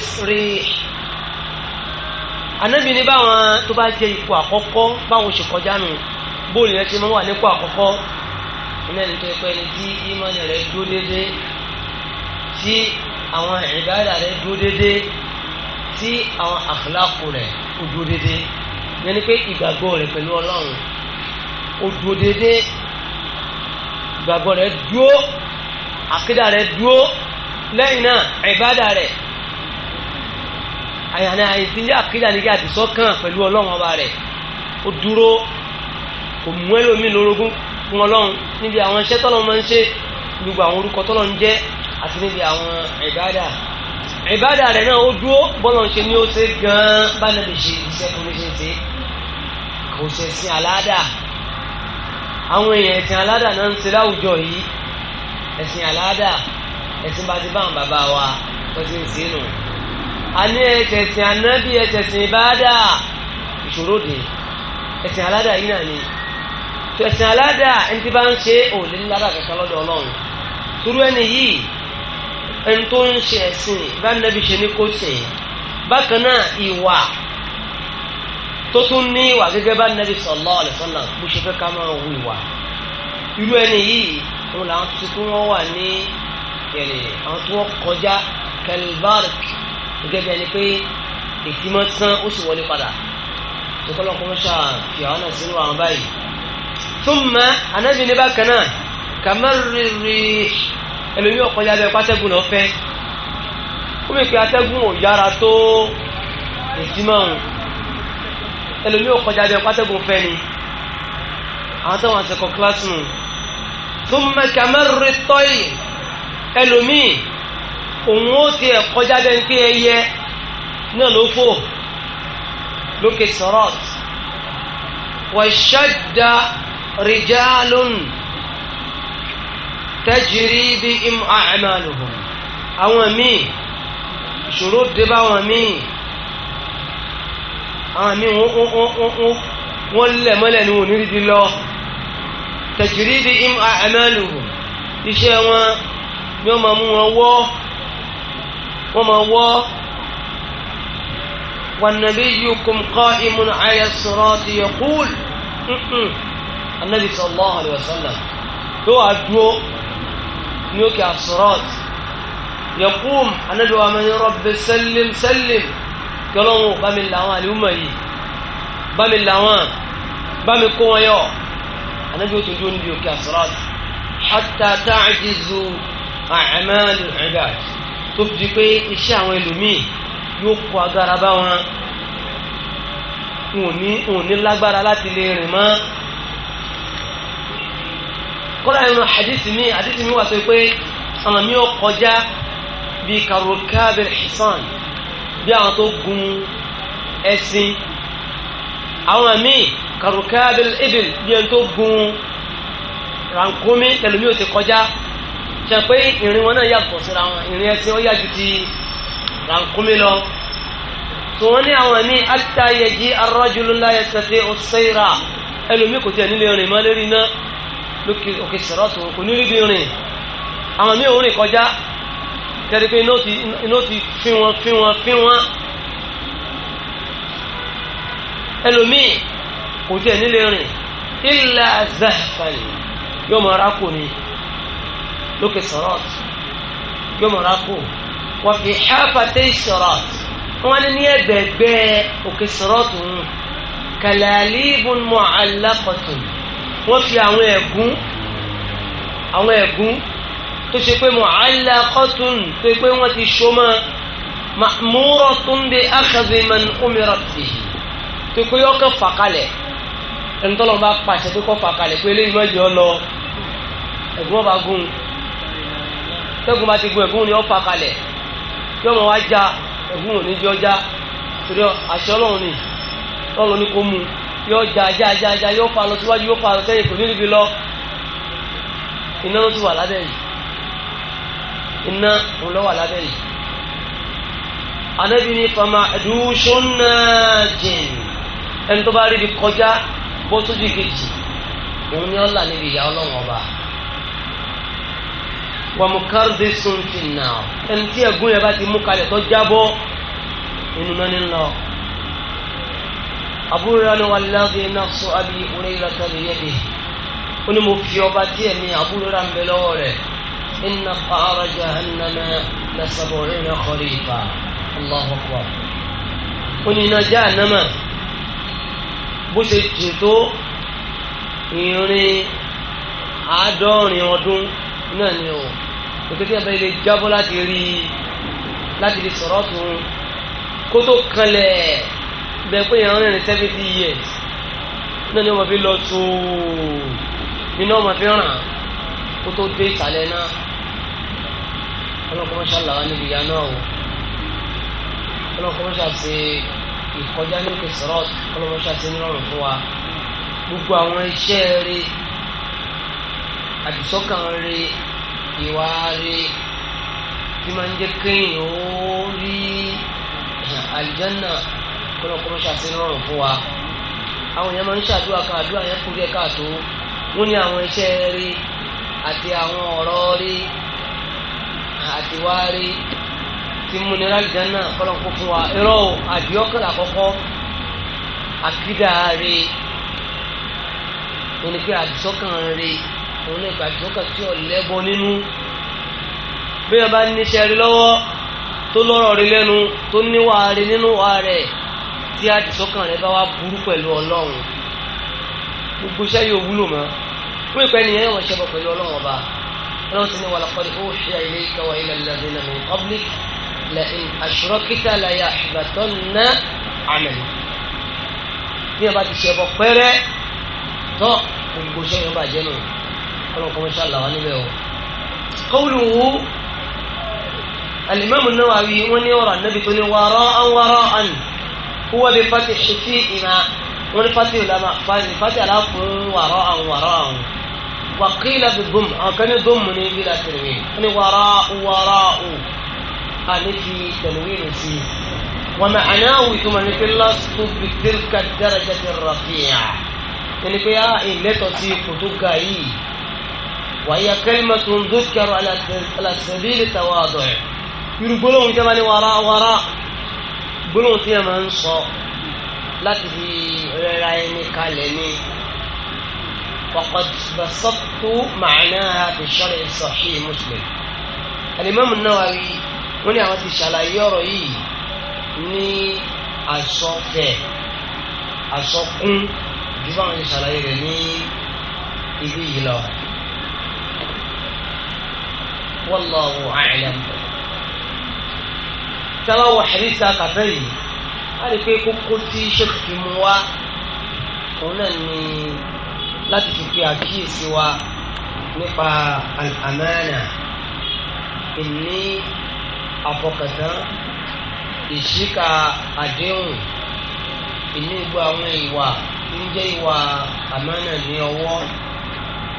anábì ní báwọn tó bá jẹ ipò àkọ́kọ́ báwọn ṣe kọjá nù bóòlù yẹn ṣe máa wà nípò àkọ́kọ́ iná ẹni tó yẹ pé ẹni tí ìmọ̀nì rẹ̀ dúró déédéé tí àwọn ìbáàdà rẹ̀ dúró déédéé tí àwọn àfúlákù rẹ̀ ó dúró déédéé yẹn ni pé ìgbàgbọ́ rẹ̀ pẹ̀lú ọlọ́run ó dúró déédéé ìgbàgbọ́ rẹ̀ dúró àkídà rẹ̀ dúró lẹ́yìn náà ìbádà rẹ̀ àyànà àìsílẹ̀ àkídà ní kí àti sọ́kàn pẹ̀lú ọlọ́run ọba rẹ̀ ó dúró kò mú ẹlòmíì lórogún fún ọlọ́run níbi àwọn iṣẹ́ tọ́lọ́ máa ń ṣe gbogbo àwọn orúkọ tọ́lọ́ ń jẹ́ àti níbi àwọn ìbádà ìbádà rẹ̀ náà ó dúró bọ́lọ̀ ń ṣe ní ó ṣe gan-an bá nàbẹ̀ ṣe iṣẹ́ tó ní ṣe ṣe kò ṣe sí aláàdáà àwọn èèyàn ẹ̀sìn aládà náà ń ṣe láwùjọ yìí ẹ̀sìn aládà ẹ̀sìn bá ti bá àwọn bàbá wa wọ́n ti ń ṣe nù. a ní ẹ̀sìn anábì ẹ̀sìn ìbáàdà ìṣòro dè ẹ̀sìn aládà yìí náà ni ẹ̀sìn aládà ẹni tí bá ń ṣe òòlì ńlára kankan lọ́dọ̀ ọlọ́run turu ẹni yìí ẹni tó ń ṣe ẹ̀sìn bá ṣe ní kó ṣe bákan náà ìwà tó tún ní ìwà gẹ́gẹ́ bá nẹ́bí sallallahu alaihi wasallam bó ṣe fẹ́ ká máa wo ìwà irú ẹni yìí wọn làwọn ti kú wọn wà ní yẹlẹ àwọn tí wọn kọjá kẹlbárk gẹ́gẹ́ bí ẹni pé ètí máa tán ó sì wọlé padà tó kọ́ lọ́kọ́ fi àwọn náà sínú àwọn báyìí. thumma anábì ní bákan náà kàmárìrì ẹlòmíì ọ̀kọ́já bẹ́ẹ̀ pátẹ́gùn lọ́fẹ́ ó mì pé atẹ́gùn ò yára tó ètí máa ń ẹlòmí ò kọjá jẹ pátẹ́gùn fẹ́ ni àwọn tó wọn sẹ́kọ̀ kílásì nù tó mẹ́kà mẹ́rin tọ́yì ẹlòmí òun ó tiẹ̀ kọjá jẹ ní pé ẹyẹ náà ló fò lókè sọ̀rọ̀t wàṣẹ́dá rìjálùn tẹ́jìrì bí im àmàlùhùn àwọn míì ìṣòro dé bá wọn míì àwọn míì wọ́n lẹ̀ mọ́lẹ̀ ni wọ́n ní ríbi lọ tẹ̀jìrì bí im àmẹ́lù iṣẹ́ wọn ni wọ́n máa mú wọn wọ́ wọ́n máa wọ́ wannabiyukum qa'imun 'ala as-sirati yaqul anabi sallallahu alayhi wa sallam tó wàá dúró ní òkè as-sirat yaqum anabi wa man rabbi sallim sallim kí ọlọ́run bá mi làwọn àlùmọ̀ yìí bá mi làwọn bá mi kó wọn yọ anabi ó tójú níbi òkè àsọ̀rọ̀t hatta ta'jizu a'malu ibad tó fi di pé iṣẹ́ àwọn ẹlòmíì yóò kó agbára bá wọn òun ní lágbára láti lè rìn mọ́ kọ́lá ẹnu àdìsí mi àdìsí mi wà sọ pé ọ̀nà mi ò kọjá bíi karokabil hisan bí àwọn tó gun ẹṣin àwọn míì karukabil ibil bí ẹni tó gun rankumi tẹlumi ò ti kọjá ṣe pé ìrìn wọn náà yàtọ̀ síra wọn ìrìn ẹṣin ó yà ju ti rankumi lọ tó wọn ní àwọn míì àtàyèjì arọ́júlúlá ẹsẹ̀fẹ́ ọ̀sẹ̀ra ẹlòmí kò tiẹ̀ nílé rìn mọ́ náà lókè òkè sọ̀rọ̀ tó kò nílé bí rìn àwọn míì ò rìn kọjá tẹ́lẹ̀ pé iná ti fín wọn fín wọn fín wọn ẹlòmíì kò tiẹ̀ nílé rìn ilà zahfani yóò mọ̀ rákò ni lókè sọ̀rọ̀t yóò mọ̀ rákò wọ́n fi hafate sọ̀rọ̀t wọ́n ní ní ẹgbẹ̀gbẹ́ òkè sọ̀rọ̀t ń kàlàlíbùn mu'allaqatun wọ́n fi àwọn ẹ̀gún àwọn ẹ̀gún tó ṣe pé mu'allaqatun tó ṣe pé wọ́n ti so mọ́ ma'muratun bi akhadhi man umirat bihi tó pé yọ kẹ́ fàkalẹ̀ ẹni tọ́lọ́ bá pàṣẹ pé kọ́ fàkalẹ̀ pé eléyìí má jẹ́ ọ lọ ẹ̀gbọ́n bá gún tẹ́gùn bá ti gún ẹ̀gbọ́n ni ọ fàkalẹ̀ yọ mọ̀ wá já ẹ̀gbọ́n ò ní jẹ́ ọjà torí àṣẹ ọlọ́run ni ọlọ́run ni kò mú yọ já já já já yóò lọ síwájú yóò fa lọ sẹ́yìn kò ní ríbi lọ iná ti wà lábẹ́ yìí iná òun lọ́wọ́ alábẹ́ yìí anabi ni fama ẹdùnsọ́nà jìn ẹni tó bá rí ibi kọjá bó sójú kejì òun ni ọ̀là níbi ìyá ọlọ́wọ́n ọba wàmùkárùdé sunfin náà ẹni tí ẹ̀gún yẹn bá ti mú kalẹ̀ tó jábọ́ inú náà ní lọ. àbúrò ni wàlláhi nafsu abi Hurayrata biyadihi ó ní mo fi ọba tí ẹ̀mí àbúrò rà ń bẹ lọ́wọ́ rẹ̀. إن قعر جهنم لسبعين خريفا الله أكبر وننا جهنم بوسجتو irin àádọ́rin ọdún náà ni o òkété ẹ̀bẹ̀ ilé jábọ́ láti rí láti rí sọ̀rọ̀ tún kó tó kanlẹ̀ bẹ́ẹ̀ pé ìyàwó rẹ̀ ní seventy years náà ni wọ́n fi lọ tó iná wọ́n fi ràn kó tó dé ìsàlẹ̀ náà ọlọ́kọ́mọ́sá làwọn níbi ìyá náà wò ọlọ́kọ́mọ́sá ti ìkọjá ní òkè sọ́rọ́ ọlọ́kọ́mọ́sá ti nírọ̀rùn fún wa gbogbo àwọn iṣẹ́ rẹ àdìsọ́kàn rẹ ìwà rẹ tí máa ń jẹ́ kéèyàn ó rí eh, àlìjánà ọlọ́kọ́mọ́sá ti nírọ̀rùn fún wa àwọn èèyàn máa ń ṣàdúrà kan àdúrà yẹn kúrẹ́ káàtó wọ́n ní àwọn iṣẹ́ rẹ àti àwọn ọ̀rọ̀ rẹ àti wá rí tí mo ní rájá náà kọ́lọ́ kó fún wa irọ́ o àdìọ́kàn àkọ́kọ́ àkídà rí òun ni pé àdìsọ́kàn rí òun ní ìgbà àdìsọ́kàn tí ò lẹ́bọ nínú bí wọn bá níṣẹ́ rí lọ́wọ́ tó lọ́rọ̀ rí lẹ́nu tó níwà rí nínú wa rẹ̀ tí àdìsọ́kàn bá wá burú pẹ̀lú ọlọ́run gbogbo iṣẹ́ yóò mọ́ fún ìpẹ́ nìyẹn yóò wọ́n ṣẹ́bọ̀ pẹ̀lú ọlọ́run ọba ọlọ́sìn ولقد أوحي إليك وإلى الذين من قبلك لئن أشركت ليحبطن عملك bí ẹ bá ti ṣẹbọ pẹ́rẹ́ tọ́ gbogbo ṣẹ́ yẹn bàjẹ́ nù ọlọ́run kọ́ mẹ́ṣáàlá wa níbẹ̀ o. kọ́wùlù wo alimami Nawawi wọ́n ní ọ̀rọ̀ anabi tó ní wàrọ̀ an wàrọ̀ an huwa bi fati ṣifi ìhà wọ́n ní fati ìlànà fati aláfún wàrọ̀ an wàrọ̀ an wàkìlà bí dùm àwọn kan ní dùm ní bílà tẹ̀lé ní wàrà wàrà o àní fi tẹ̀lé rẹ̀ sí i wọn mẹ àná àwọn ìtumọ̀ ní pé lásìkò bìtìl ka daraja ti rafiya ẹni pé a ìlẹ́tọ̀ sí kòtò ga yìí wàyà kẹlẹ́mà tó ń dókèrò alàsẹ̀bílì tàwádọ̀ ẹ̀ irú gbólóhùn tẹ́ bá ní wàrà wàrà gbólóhùn tẹ́ máa ń sọ láti fi rẹ́ra ẹni kalẹ̀ ní. وقد بسطت معناها في الشرع الصحيح مسلم الإمام النووي wọ́n ní àwọn ti ṣàlàyé ọ̀rọ̀ yìí ní àsọfẹ̀ àsọkún ju báwọn ti ṣàlàyé rẹ̀ ní ibi yìí lọ. wallahu a'lam. tábà wọ àdìsá kàfẹ́ yìí a lè pé kókó tí sèkìtì mu wá òun náà ní láti fi pe àkíyèsí wa nípa àmánà ìní àfọkàntán ìṣíkà àdéhùn ìní gbogbo àwọn ìwà ń jẹ́ ìwà àmánà ní ọwọ́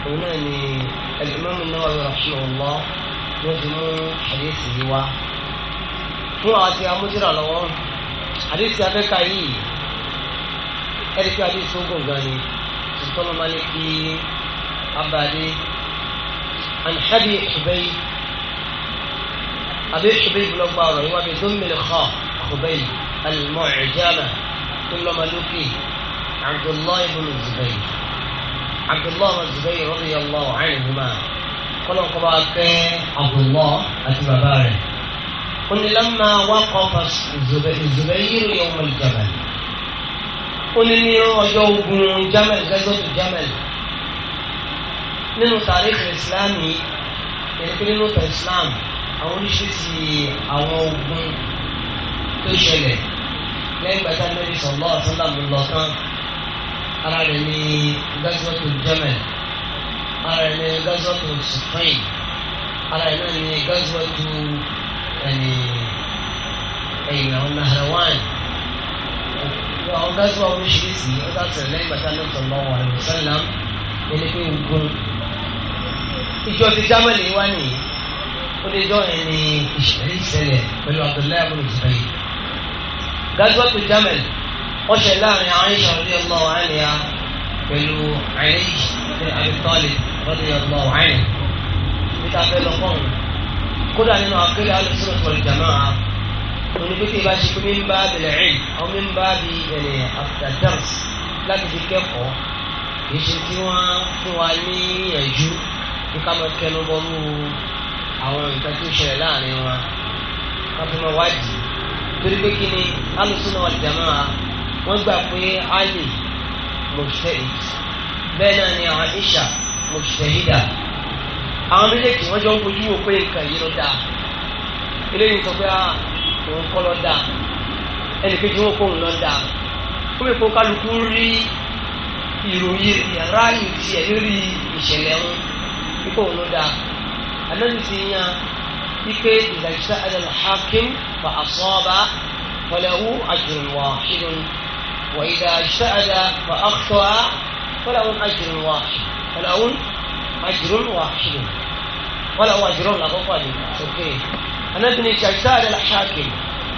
òun náà ni ẹlẹ́mọ̀mù náà yọ̀rọ̀ fún ọ̀lọ́ wọ́n ti mú àdéhùn yìí wá. fún àwọn tí lọ́wọ́ àdéhùn abẹ́ka yìí ẹ̀rí àdéhùn tó gùn gan ni ntọ́nà máa ní fi abàdé anhabi ṣùgbẹ́yì àbí ṣùgbẹ́yì gbọ́lọ́gbà ọ̀rọ̀ yìí wá bí gómìnà kọ́ ṣùgbẹ́yì alimọ̀ọ́jàmà tó lọ́mọ lókè abdullahi ibn zubayi abdullahi ibn zubayi radiyallahu anhuma kọ́lọ́n kọ́ bá kẹ́ abdullahi àti bàbá rẹ̀ ó ní lamma waqafa zubayi yóò yọ̀ wọ́n jàmà ó ní ní ọjọ́ ogun Jamal gẹ́gọ́tù Jamal nínú tàríkì ìsìláàmù yẹn pé nínú tàríkì ìsìláàmù àwọn oríṣiríṣi àwọn ogun tó ṣẹlẹ̀ lẹ́yìn gbàtà mẹ́rin sọ̀lọ́ àtúndàmù lọ́tàn ara rẹ̀ ní gẹ́gọ́tù Jamal ara rẹ̀ ní gẹ́gọ́tù Siffin ara rẹ̀ náà ní gẹ́gọ́tù ẹ̀yìn àwọn Nahrawan àwọn gáṣíwá oríṣiríṣi ọ̀dà tẹ̀lé ìgbàdá lọ́tọ̀ lọ́wọ́ àlùkò sẹ́lá ẹni pé ogun ìjọ ti jámẹ́lì wá nìyí ó lè jọ ẹni ìṣẹ̀lẹ̀ ìṣẹ̀lẹ̀ pẹ̀lú Abdullahi abu nìjìbẹ́yì gáṣíwá tó jámẹ́lì wọ́n ṣẹ̀ láàrin Aisha radiyallahu anha pẹ̀lú Ali ibn Abi Talib radiyallahu anhu níta fẹ́ onígbèsè bá ṣe pé mímbá bẹ̀rẹ̀ rìn àwọn mímbá bí ẹ̀rẹ̀ after dance láti fi kẹ́kọ̀ọ́ kì í ṣe tí wọ́n fún wa ní ẹ̀jú kí ká máa kẹnu bọ́rú àwọn nǹkan tó ṣẹlẹ̀ láàrin wa ká fi máa wádìí torí pé kí ni alùsùn náà wal jamaa wọ́n gbà pé Ali mujtahid bẹ́ẹ̀ náà ni Aisha mujtahida àwọn méjèèjì wọ́n jọ ń fojú wo pé nǹkan yìí ló dáa eléyìí sọ pé ah, òun kọ́ lọ́ dáa ẹnì kejì wọn kó òun lọ́ dáa ó lè kó kálukú rí ìròyìn ráàyè tiẹ̀ lórí ìṣẹ̀lẹ̀ wọn kíkó òun lọ́ dáa àdánù ti yan ike ìdàgbàsá àdàlù hakim fa asaba falahu ajrun wahidun wa idha ijtahada fa akhta'a falahu ajrun wahid falahu ajrun wahid falahu làkọ́kọ́ àdìmọ́ àtọ́kẹ́ anábì ní ṣàṣàrẹ làṣàkè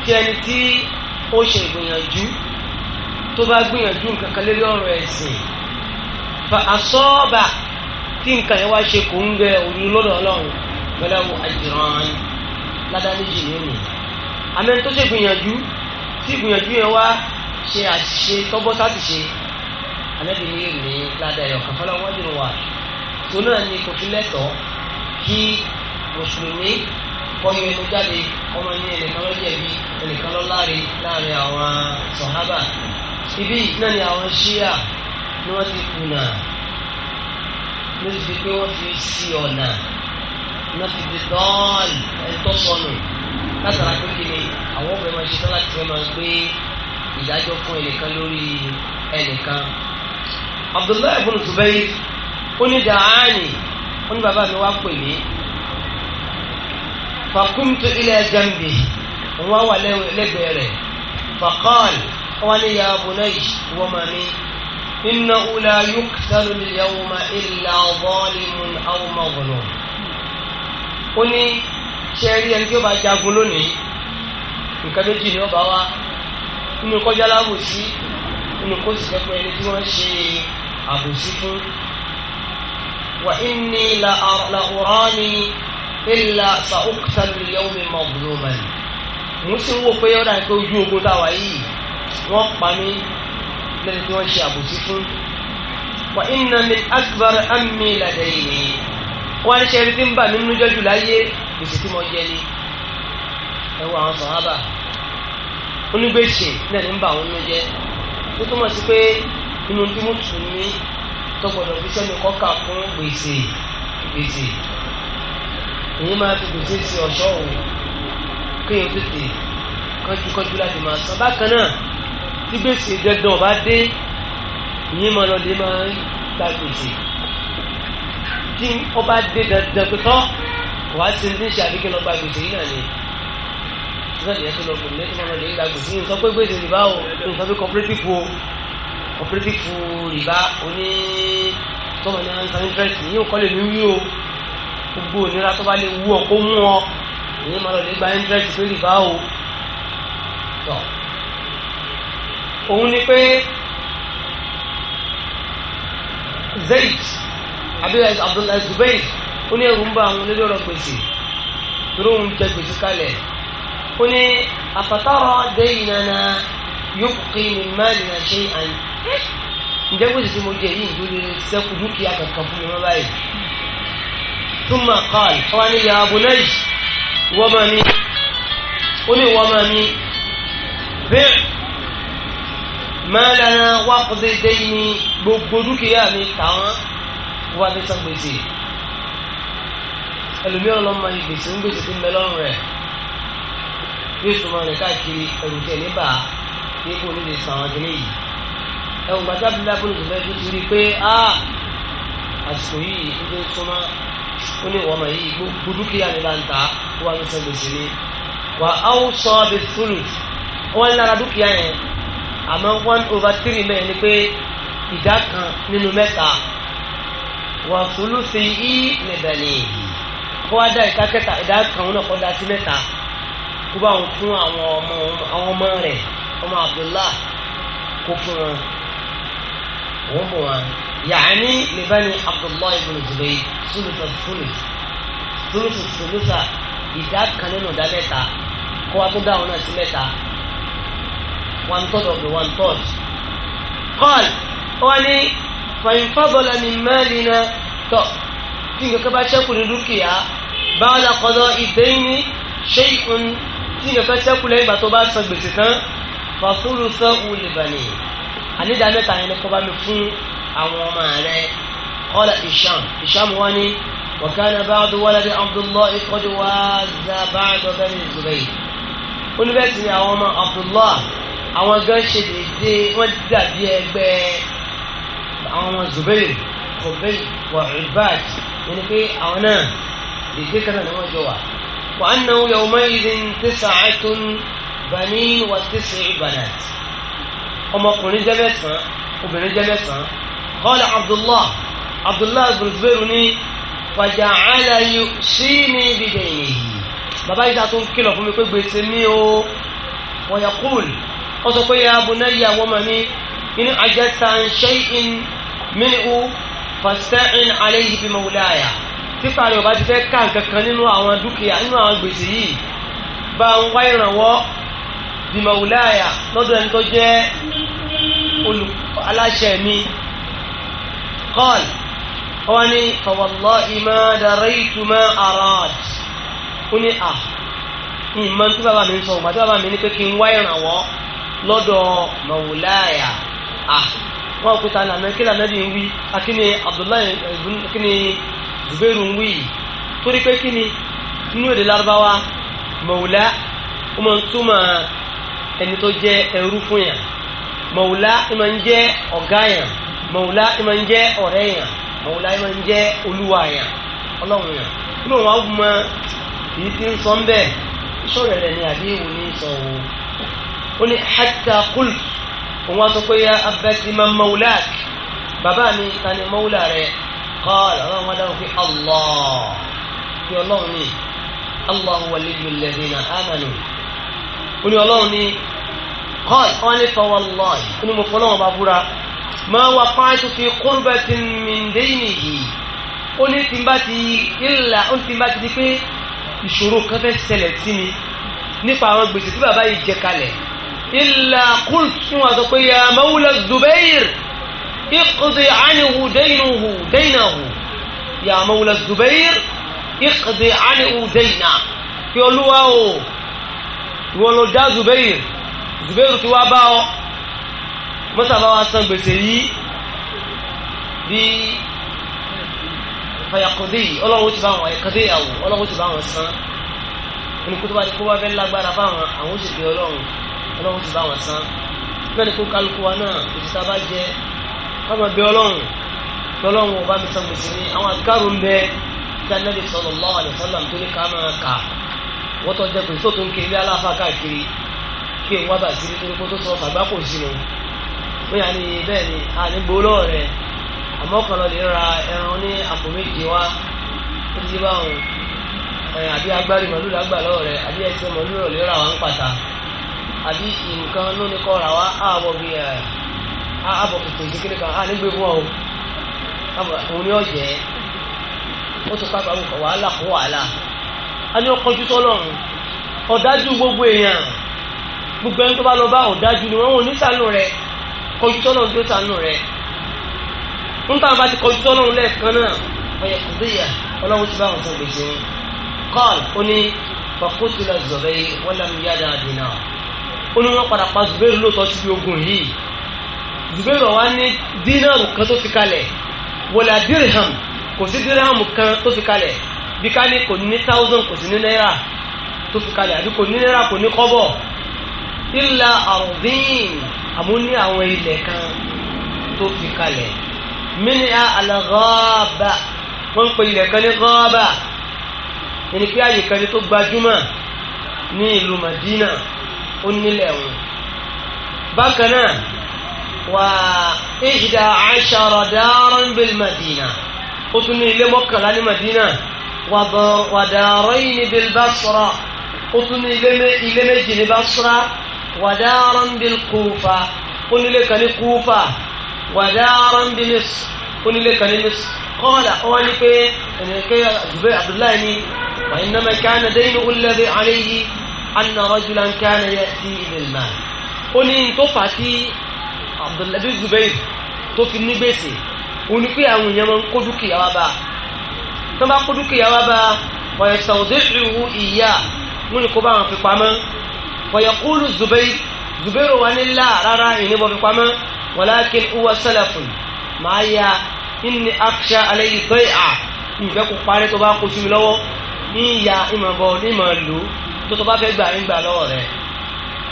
tí ẹni tí ó ṣe ìgbìyànjú tó bá gbìyànjú nǹkan kan lórí ọ̀rọ̀ ẹ̀sìn fa asọ́ọ̀bà tí nǹkan yẹn wá ṣe kò ń gẹ òru lọ́dọ̀ ọlọ́run pẹ̀lú àwọn àjìrán ládàlejì lónìí àmẹ́ni tó ṣe gbìyànjú tí ìgbìyànjú yẹn wá ṣe àṣìṣe tọ́gbọ́ sáti ṣe anábì ní èmi ládàá ẹ̀yọ̀ kan fọlọ́wọ́n dùn wà tó náà ní kò fi kí mùsùlùmí kọ́yọ ẹnu jáde ọmọ ní ẹnìkan ló jẹ̀bi ẹnìkan ló láre láàrin àwọn sọ̀hábà ibi náà ni àwọn ṣíà ni wọ́n ti kùnà ló ti fi pé wọ́n fi sí ọ̀nà náà ti di dọ́ọ̀lì ẹ̀tọ́ sọnù látara pé kí ni àwọn obìnrin máa ṣe tán láti fẹ́ máa gbé ìdájọ́ fún ẹnìkan lórí ẹnìkan. Abdullahi ibn Zubayr ó ní dàáni ó ní bàbá mi wá pè mí fakumtu ila jambi wọn wà lẹ́gbẹ̀ẹ́ rẹ̀ faqal wọn ni ya bunay wọn ma ní inna ula yuqtalu al-yawma illa zalimun aw mazlum ó ní ṣe rí ẹni tí ó bá jagun lónìí nǹkan méjì ni ó bá wá inú kọjá lábòsí inú kó sì fẹ́ ẹni tí wọ́n ṣe àbòsí fún wa inni la ọ̀rọ̀ ni ilà sàókùtàlù yẹ́wùmí mọ̀gbùnmọ̀n mo sì ń wò pé ọ̀dà pé ojú ogun táwa yìí wọ́n pa mí lẹ́ni tí wọ́n ṣe àbòsí fún wa iná mi akbar ami ladẹ yìí wọ́n á ṣe ẹni tí ń bà mí nínú jọ́jú láyé gbèsè tí mo jẹ ni ẹ wọ àwọn sọ̀hábà onígbèsè lẹ́ni ń bà wọn nínú jẹ́ ó túmọ̀ sí pé inú tí mo tù mí tọgbọ̀dọ̀ fi sẹ́ni kọ́kà fún gbèsè gbèsè òun máa fi gbèsè sí ọ̀ṣọ́ òun kéèyàn tètè kánjúkánjú láti máa san bákan náà tí gbèsè dandan ọba dé ìyẹn máa lọ lè máa gba gbèsè tí ọba dé dandan pé tán wàá sì ń díṣe àbíkẹ́ lọ gba gbèsè yìí náà ni náà lè tó lọ kò lè tó lọ lè gba gbèsè nǹkan pé gbèsè rìbá o nǹkan pé cooperative o cooperative rìbá oní tọ́mọ ní ansa interest yìí ò kọ́ lè ní wí o gbogbo ònira tó bá lè wú ọ kó mú ọ èyí máa lọ lè gba interest pé rìbá o tọ òun ni pé Zayd abdullahi abdullahi Zubair ó ní ẹrù ń bá àwọn onídọ̀rọ̀ gbèsè dúró ń jẹ gbèsè kalẹ̀ ó ní àfàtàrọ̀ daynana yubqi min malina shay'an ǹjẹ́ gbèsè tí mo jẹ yìí ìdúró sẹ́kù dúkìá kankan fún mi wọ́n báyìí túmọ̀ kọ́ọ̀lì wọn ni ya abúlẹ́yì wọ́n máa ní ó ní wọ́n máa ní bẹ́ẹ̀ mẹ́lẹ́nà wà kọ́sẹ́ dẹ́yìn ní gbogbo dúkìá mi tàwọn wọ́n ti sọ gbèsè ẹlòmíràn lọ́mọ ìgbèsè ń gbèsè sí mẹ́lọ́rùn rẹ̀ yóò tún máa rìn káàkiri ẹ̀rù tẹ̀ níbà níbo ní lè yìí ẹ̀wùn gbàtà bí lábúlù tó fẹ́ tó ti rí pé a yìí tó tó súnmọ́ ó ní ìwọ̀n yìí gbogbo dúkìá mi bá ń ta ó wà ní sẹ́gbẹ̀ sí ni wà á ó sọ abẹ fúlù wọ́n ń lára dúkìá yẹn àmọ́ one over three mẹ́rin ni pé ìdá kan nínú mẹ́ta wà fúlù sí í nìbẹ̀lẹ̀ kó wá dá ìdá kẹta ìdá kan náà kọ́ da sí mẹ́ta kó bá wọn fún àwọn ọmọ àwọn ọmọ rẹ̀ ọmọ Abdullah kó fún wọn òun bò wọn. يعني لبني عبد الله بن زبير ثلث الثلث ثلث الثلثة إذا كانوا دالتا كواتو داونا سمتا one third وان the one third قال واني فإن فضل من مالنا تو تيجي كبا شاكو لدوكيا بعد قضاء الدين شيء تيجي كبا شاكو لين باتوبات فالبسيطان فثلثه لبني أني دامتا هنا كبا مفهوم àwọn ọmọ rẹ̀ kọ́lá ìṣàm ìṣàm wọn ni wọ̀kánà báàdù wọ́ládé abdullahi ìkọ́jú wá za báàdù bẹ́ẹ̀ ní zubayr oníbẹ̀sì ni àwọn ọmọ abdullahi àwọn gan ṣe dédé wọ́n dàbí ẹgbẹ́ àwọn ọmọ zubayr kọ̀bẹ́yì wà ìbáàd wọn pé àwọn náà dédé kan náà ni wọ́n jọ wà. وأنه يومئذ تسعة بنين وتسع بنات ọmọkùnrin jẹ́ mẹ́sàn-án obìnrin jẹ́ mẹ́sàn-án kọ́lá abdullah abdullah zubairu ní fàjà àlàyé sí ní bìbẹ̀ yìí bàbá yìí tó ń kìlọ̀ fún mi pé gbèsè mi o wọ́n yà kúl ó sọ pé ya bunayya wọ́n mọ̀ ní inú àjẹta ń ṣe in mímu fasta'in alayhi bi mawlaya títà rẹ̀ ò bá ti fẹ́ ká nǹkan kan nínú àwọn dúkìá nínú àwọn gbèsè yìí bá ń wá ìrànwọ́ bi mawlaya lọ́dọ̀ ẹni tó jẹ́ aláṣẹ mi قال واني فوالله ما دريت ما أراد وني أه ìmọ̀ tí bàbá mi ń sọ ọ̀gbà tí bàbá mi ní pé kí n wá ìrànwọ́ lọ́dọ̀ mọ̀wùláyà ah wọn kúta lànà kí lànà bí ń wí akíní Abdullahi akíní Zubairu ń wí torí pé kí ni inú èdè lárúbáwá mọ̀wùlá ó máa ń túmọ̀ ẹni tó jẹ́ ẹrú fún yàn mọ̀wùlá ó máa ń jẹ́ ọ̀gá yàn mọ̀wùlá ìmọ̀ ń jẹ́ ọ̀rẹ́ yẹn mọ̀wùlá ìmọ̀ ń jẹ́ olúwa yẹn ọlọ́run yẹn nínú àwọn ọmọ yìí ti ń sọ ń bẹ́ẹ̀ sọ̀rọ̀ rẹ̀ ni àbí ìwò ní sọ o ó ní hatta kul òun wá sọ pé ya abẹ́tí máa mọ̀wùlá bàbá mi ta ni mọ̀wùlá rẹ̀ kọ́ ọlọ́run wá dáhùn pé allah pé ọlọ́run ni allah waliyul ladina amanu ó ní ọlọ́run ni kọ́ ọ ní fọwọ́ lọ́ọ̀ máa wà pàṣẹ fi kúrbẹ̀tì mìndéyìnì yìí ó ní tí n bá ti ìlà ó ní tí n bá ti di pé ìṣòro kan fẹ́ ṣẹlẹ̀ sí mi nípa àwọn gbèsè tí bàbá yìí jẹ kalẹ̀ ìlà kúlt fún wa sọ pé ya mawla zubair iqdi anihu daynahu daynahu ya mawla zubair iqdi anihu dayna kí olúwa o ìwọ zubair zubair ti wá bá ọ mọ́sàbá wa san gbèsè yìí bí fàyàkùndé yìí ọlọ́run ti bá wọn ẹ̀kọ́dé ìyàwó ọlọ́run ti bá wọn san ẹni kó tó bá di kó bá fẹ́ lágbára fáwọn àwọn òṣèlú ọlọ́run ọlọ́run ti bá wọn san bẹ́ẹ̀ ni kó kálukú wa náà òṣìṣẹ́ bá jẹ káwọn bẹ ọlọ́run tọ́lọ́run ọba mi san gbèsè ní àwọn àdúgbò ń bẹ tí anábì sallallahu alaihi wasallam tó ní ká máa kà wọ́tọ̀ jẹ pèsè tó ń kiri aláfa káàkiri kí n wá bàtí nítorí kó tó sọ fàgbákò sínú bóyá ni bẹ́ẹ̀ ni a ní gbólọ́ rẹ̀ àmọ́ kan lọ lè ra ẹran ní àpò méje wá ó ti bá òun àbí agbárí màlúù lágbà lọ́wọ́ rẹ̀ àbí ẹsẹ̀ màlúù rọ̀ lè ra wá ń pàtà àbí nǹkan ló ní kọ́ ra wá ààbọ̀ bí ààbọ̀ kòtò ìdíkéré kan àní gbé fún ọ òun ni ọ̀jẹ̀ ó tún pápá òkò wàhálà fún wàhálà a ní ọkọ̀ ojú tọ́lọ́run gbogbo èèyàn gbogbo ẹni tó bá lọ bá ọ̀dájú ni wọ́n ò ní sàlù rẹ̀ kọjú tọ́lọ́run tó sànú rẹ̀ ń tàn bá ti kọjú tọ́lọ́run lẹ́ẹ̀kan náà ọ̀yẹ̀ kùdíyà ọlọ́run ti bá wọn san gbèsè wọn. kọ́ọ̀l ó ní fàkótìlà zọ̀rẹ́ wọ́lámù yáda àdínà ó ní wọ́n padà pa zubairu lóòótọ́ síbi ogun yìí zubairu wa ní dínàrù kan tó fi kalẹ̀ wọ́lá dirham kò sí dirham kan tó fi kalẹ̀ bí ká ní kò ní thousand kò sí ní náírà tó fi kalẹ̀ àbí kò ní náírà kò ní kọ́bọ̀ ìlà àrùndín àmú ní àwọn ilẹ̀ kan tó fi kalẹ̀ mini alagọ́ọ̀bà wọ́n ń pe ilẹ̀ kan ní gọ́ọ̀bà ẹni pé àyè kan tó gbajúmọ̀ ní ìlú Madina ó nílẹ̀ wọn bákan náà wà ìhìdá àṣàrọ̀ dáárán bil Madina ó tún ní ilé mọ́kànlá ní Madina wà dáárán ní bil Basra ó tún ní ilé méjì ní Basra wàdáàrán bíi kúfà onílé kan ní kúfà wàdáàrán bíi nísù onílé kan ní nísù kọ́ọ̀dà ọwọ́ ni pé ẹnìkẹ́ àdùbẹ́ abdullahi ni wà iná mẹ́kánà dẹ́yìn olùlẹ́bẹ̀ àlẹ́yìí anna rajulan kánà yẹ sí ibẹ̀ náà ó ní tó fà abdullahi zubair tó fi ní gbèsè òní pé àwọn èèyàn máa ń kó dúkìá wa bá tó bá wa bá wà ẹ̀sán òdòdó ìwú ni kó bá wọn fi pamọ́ fọyẹ̀kúlù zubair zubairu wa ní là rárá ìníbọ̀ fi pamọ́ walakin uwa salafun máa ya inni aksha alayhi bẹ́ẹ̀ ìfẹ́ kò parí tó bá kó sí mi lọ́wọ́ ní ìyá ìmọ̀bọ ní ìmọ̀ lò tó tó bá fẹ́ gbà ń lọ́wọ́ rẹ̀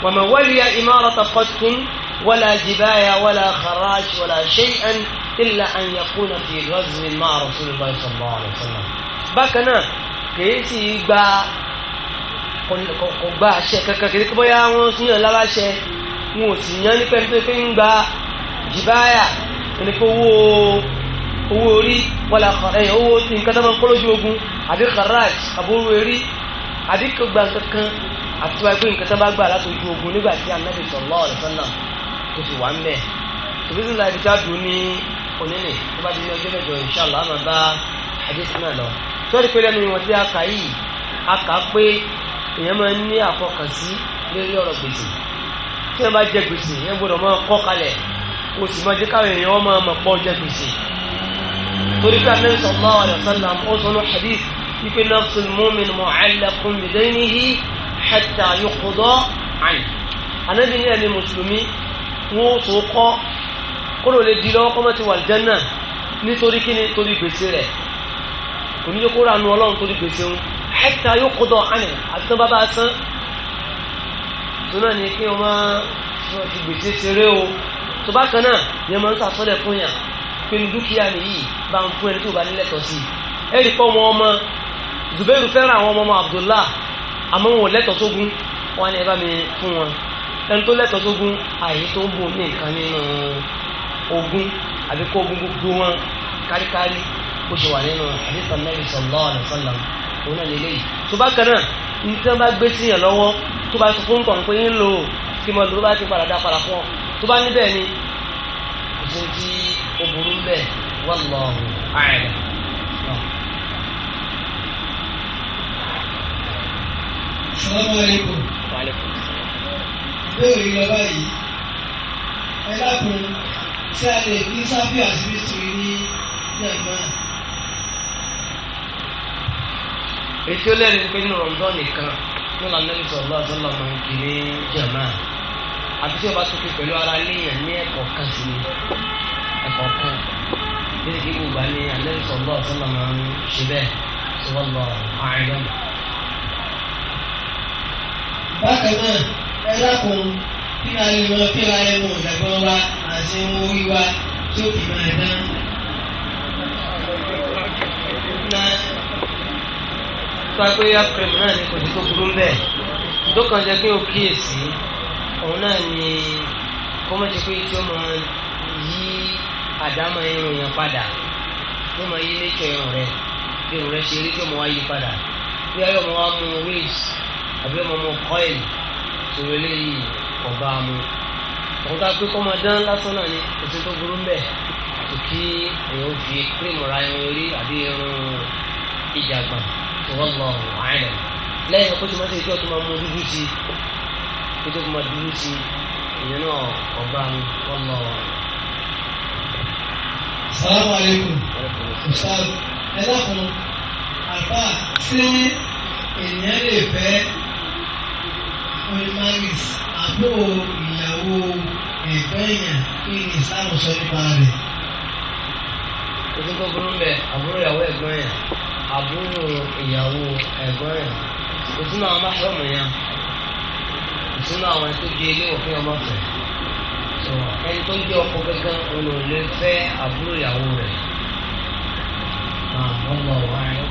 wọ́n mọ̀ wọ́n yẹ imarata qattin wala jibaya wala kharaj wala shay'an illa an fi ghazwin ma'a rasulillah kò gba àṣẹ kankan kiri kí bóyá wọn sún yàn lábàṣẹ wọn ò sì yàn ní pẹ́ńpẹ́ pé ń gba jìbáyà ní pé owó owó orí wọlé ẹ̀yìn owó nǹkan tó máa ń kọ́ lójú ogun àbí kharaj àbúrò erí àbí kò gba kankan àti wáyé pé nǹkan tó bá gbà láti ojú ogun nígbà tí Ànábì sallallahu alaihi wasallam tó fi wà ń bẹ̀ tòbí tó láti ká dùn ní onílé tó bá ti ní ọjọ́ mẹ́jọ inshallah àmọ́ bá hadith náà lọ. sọ́ọ́dì pé lẹ́nu ìwọ̀n èèyàn máa ní àfọkànsí lórí ọ̀rọ̀ gbèsè tí wọ́n bá jẹ gbèsè èèyàn gbọ́dọ̀ máa kọ́ kalẹ̀ o sì máa jẹ́ káwọn èèyàn máa mọ̀ pọ́ jẹ gbèsè torí pé Ànábì sallallahu alaihi wasallam ó sọ ní hadith wípé nafsul mu'min mu'allaqun bidaynihi hatta yuqda anhu Ànábì ní ẹni mùsùlùmí wọ́n tó kọ́ kóró lè di lọ́wọ́ kọ́mọ́ ti wà lìjánà nítorí kíni ẹ̀ta yóò kó dán àná àti tán bá bá sán tó náà ni kí wọ́n máa fi gbèsè ṣeré o tó bá kan náà yẹn máa ń sàtọ́lẹ̀ fún yàn pé ní dúkìá nìyí bá ń fún ẹni tó bá nílẹ̀ tọ́ sí i ẹ̀rí pọ́ wọn ọmọ Zubairu fẹ́ràn àwọn ọmọ Abdullah àmọ́ wọn ò lẹ́tọ̀ọ́ sógun wọn ni ẹ bá mi fún wọn ẹni tó lẹ́tọ̀ọ́ sógun àyè tó ń bò ní nǹkan nínú ogun àbí ogun gbogbo wọn káríkárí bó ṣe wà nínú àdìsàn Nabi sallallahu alaihi wasallam òun náà lélẹ́yìí tó bá kan náà ní tí wọ́n bá gbé síyàn lọ́wọ́ tó bá sọ fún kàn pé ń lò ó kí mo lò ó bá ti padà dá padà fún ọ tó bá níbẹ̀ ni kò ti o burú bẹ́ẹ̀ wallahu a'lam. Assalamu alaikum. Wa lọ báyìí. Ẹ dákun tí a lè ní sábíà síbi tìrì ní Nàìjíríà. ètò ẹlẹ́rìí pé nínú rọ̀mùdán nìkan ní lànàbí sọ̀rọ̀ àtọ́lá máa ń kiri jàmá àti tí o bá sókè pẹ̀lú ara léèyàn ní ẹ̀kọ́ kan sí ni ẹ̀kọ́ kan nínú kí gbogbo àní ànàbí sọ̀rọ̀ àtọ́lá máa ń ṣe bẹ́ẹ̀ sọ̀rọ̀ lọ àìlọ́nà. bákan náà ẹ lákun kíra ẹnu kíra ẹnu ìdàgbọ́n wa àti ẹnu orí wa tí fi máa dán tó a pé apẹ̀mù náà ni kò sí tó burú bẹ́ẹ̀ tó kàn jẹ́ pé ó kíyèsí òun náà ni kó má jẹ́ pé tí ó máa yí àdámọ̀ irun yẹn padà ó máa yí lẹ́tọ̀ irun rẹ̀ bí irun rẹ̀ ṣe rí tí ó máa wá yí padà bí ayé ọmọ wa mú waves àbí ọmọ ọmọ coil sọ̀rọ̀ eléyìí ọba mu òun ká pé kó máa dán lásán náà ni kò sí tó burú bẹ́ẹ̀ kò kí èèyàn fi kírìmù ra irun orí àbí irun ìjàgbọ̀n wallahu a'lam lẹ́yìn kó tó máa tẹ̀síwá tó máa mú dúdú sí kó tó máa dúdú sí ìyẹn náà ọba mi wallahu a'lam. salamu aleykum ustaz ẹ dákun àbá ṣé èèyàn lè fẹ́ primaries àbò ìyàwó ìgbẹ́yìn kí ni islam sọ nípa rẹ̀. kò tó gbọ́ burú àbúrò ìyàwó ẹ̀gbọ́n rẹ̀ kò sínú àwọn máṣọ́ọ̀mù yẹn kò sínú àwọn tó di eléwọ̀ fún ọmọ fẹ̀ tó ẹni tó ń gbé ọkọ gángan òun ò lè fẹ́ àbúrò ìyàwó rẹ̀ àwọn ọmọ wa rẹ̀.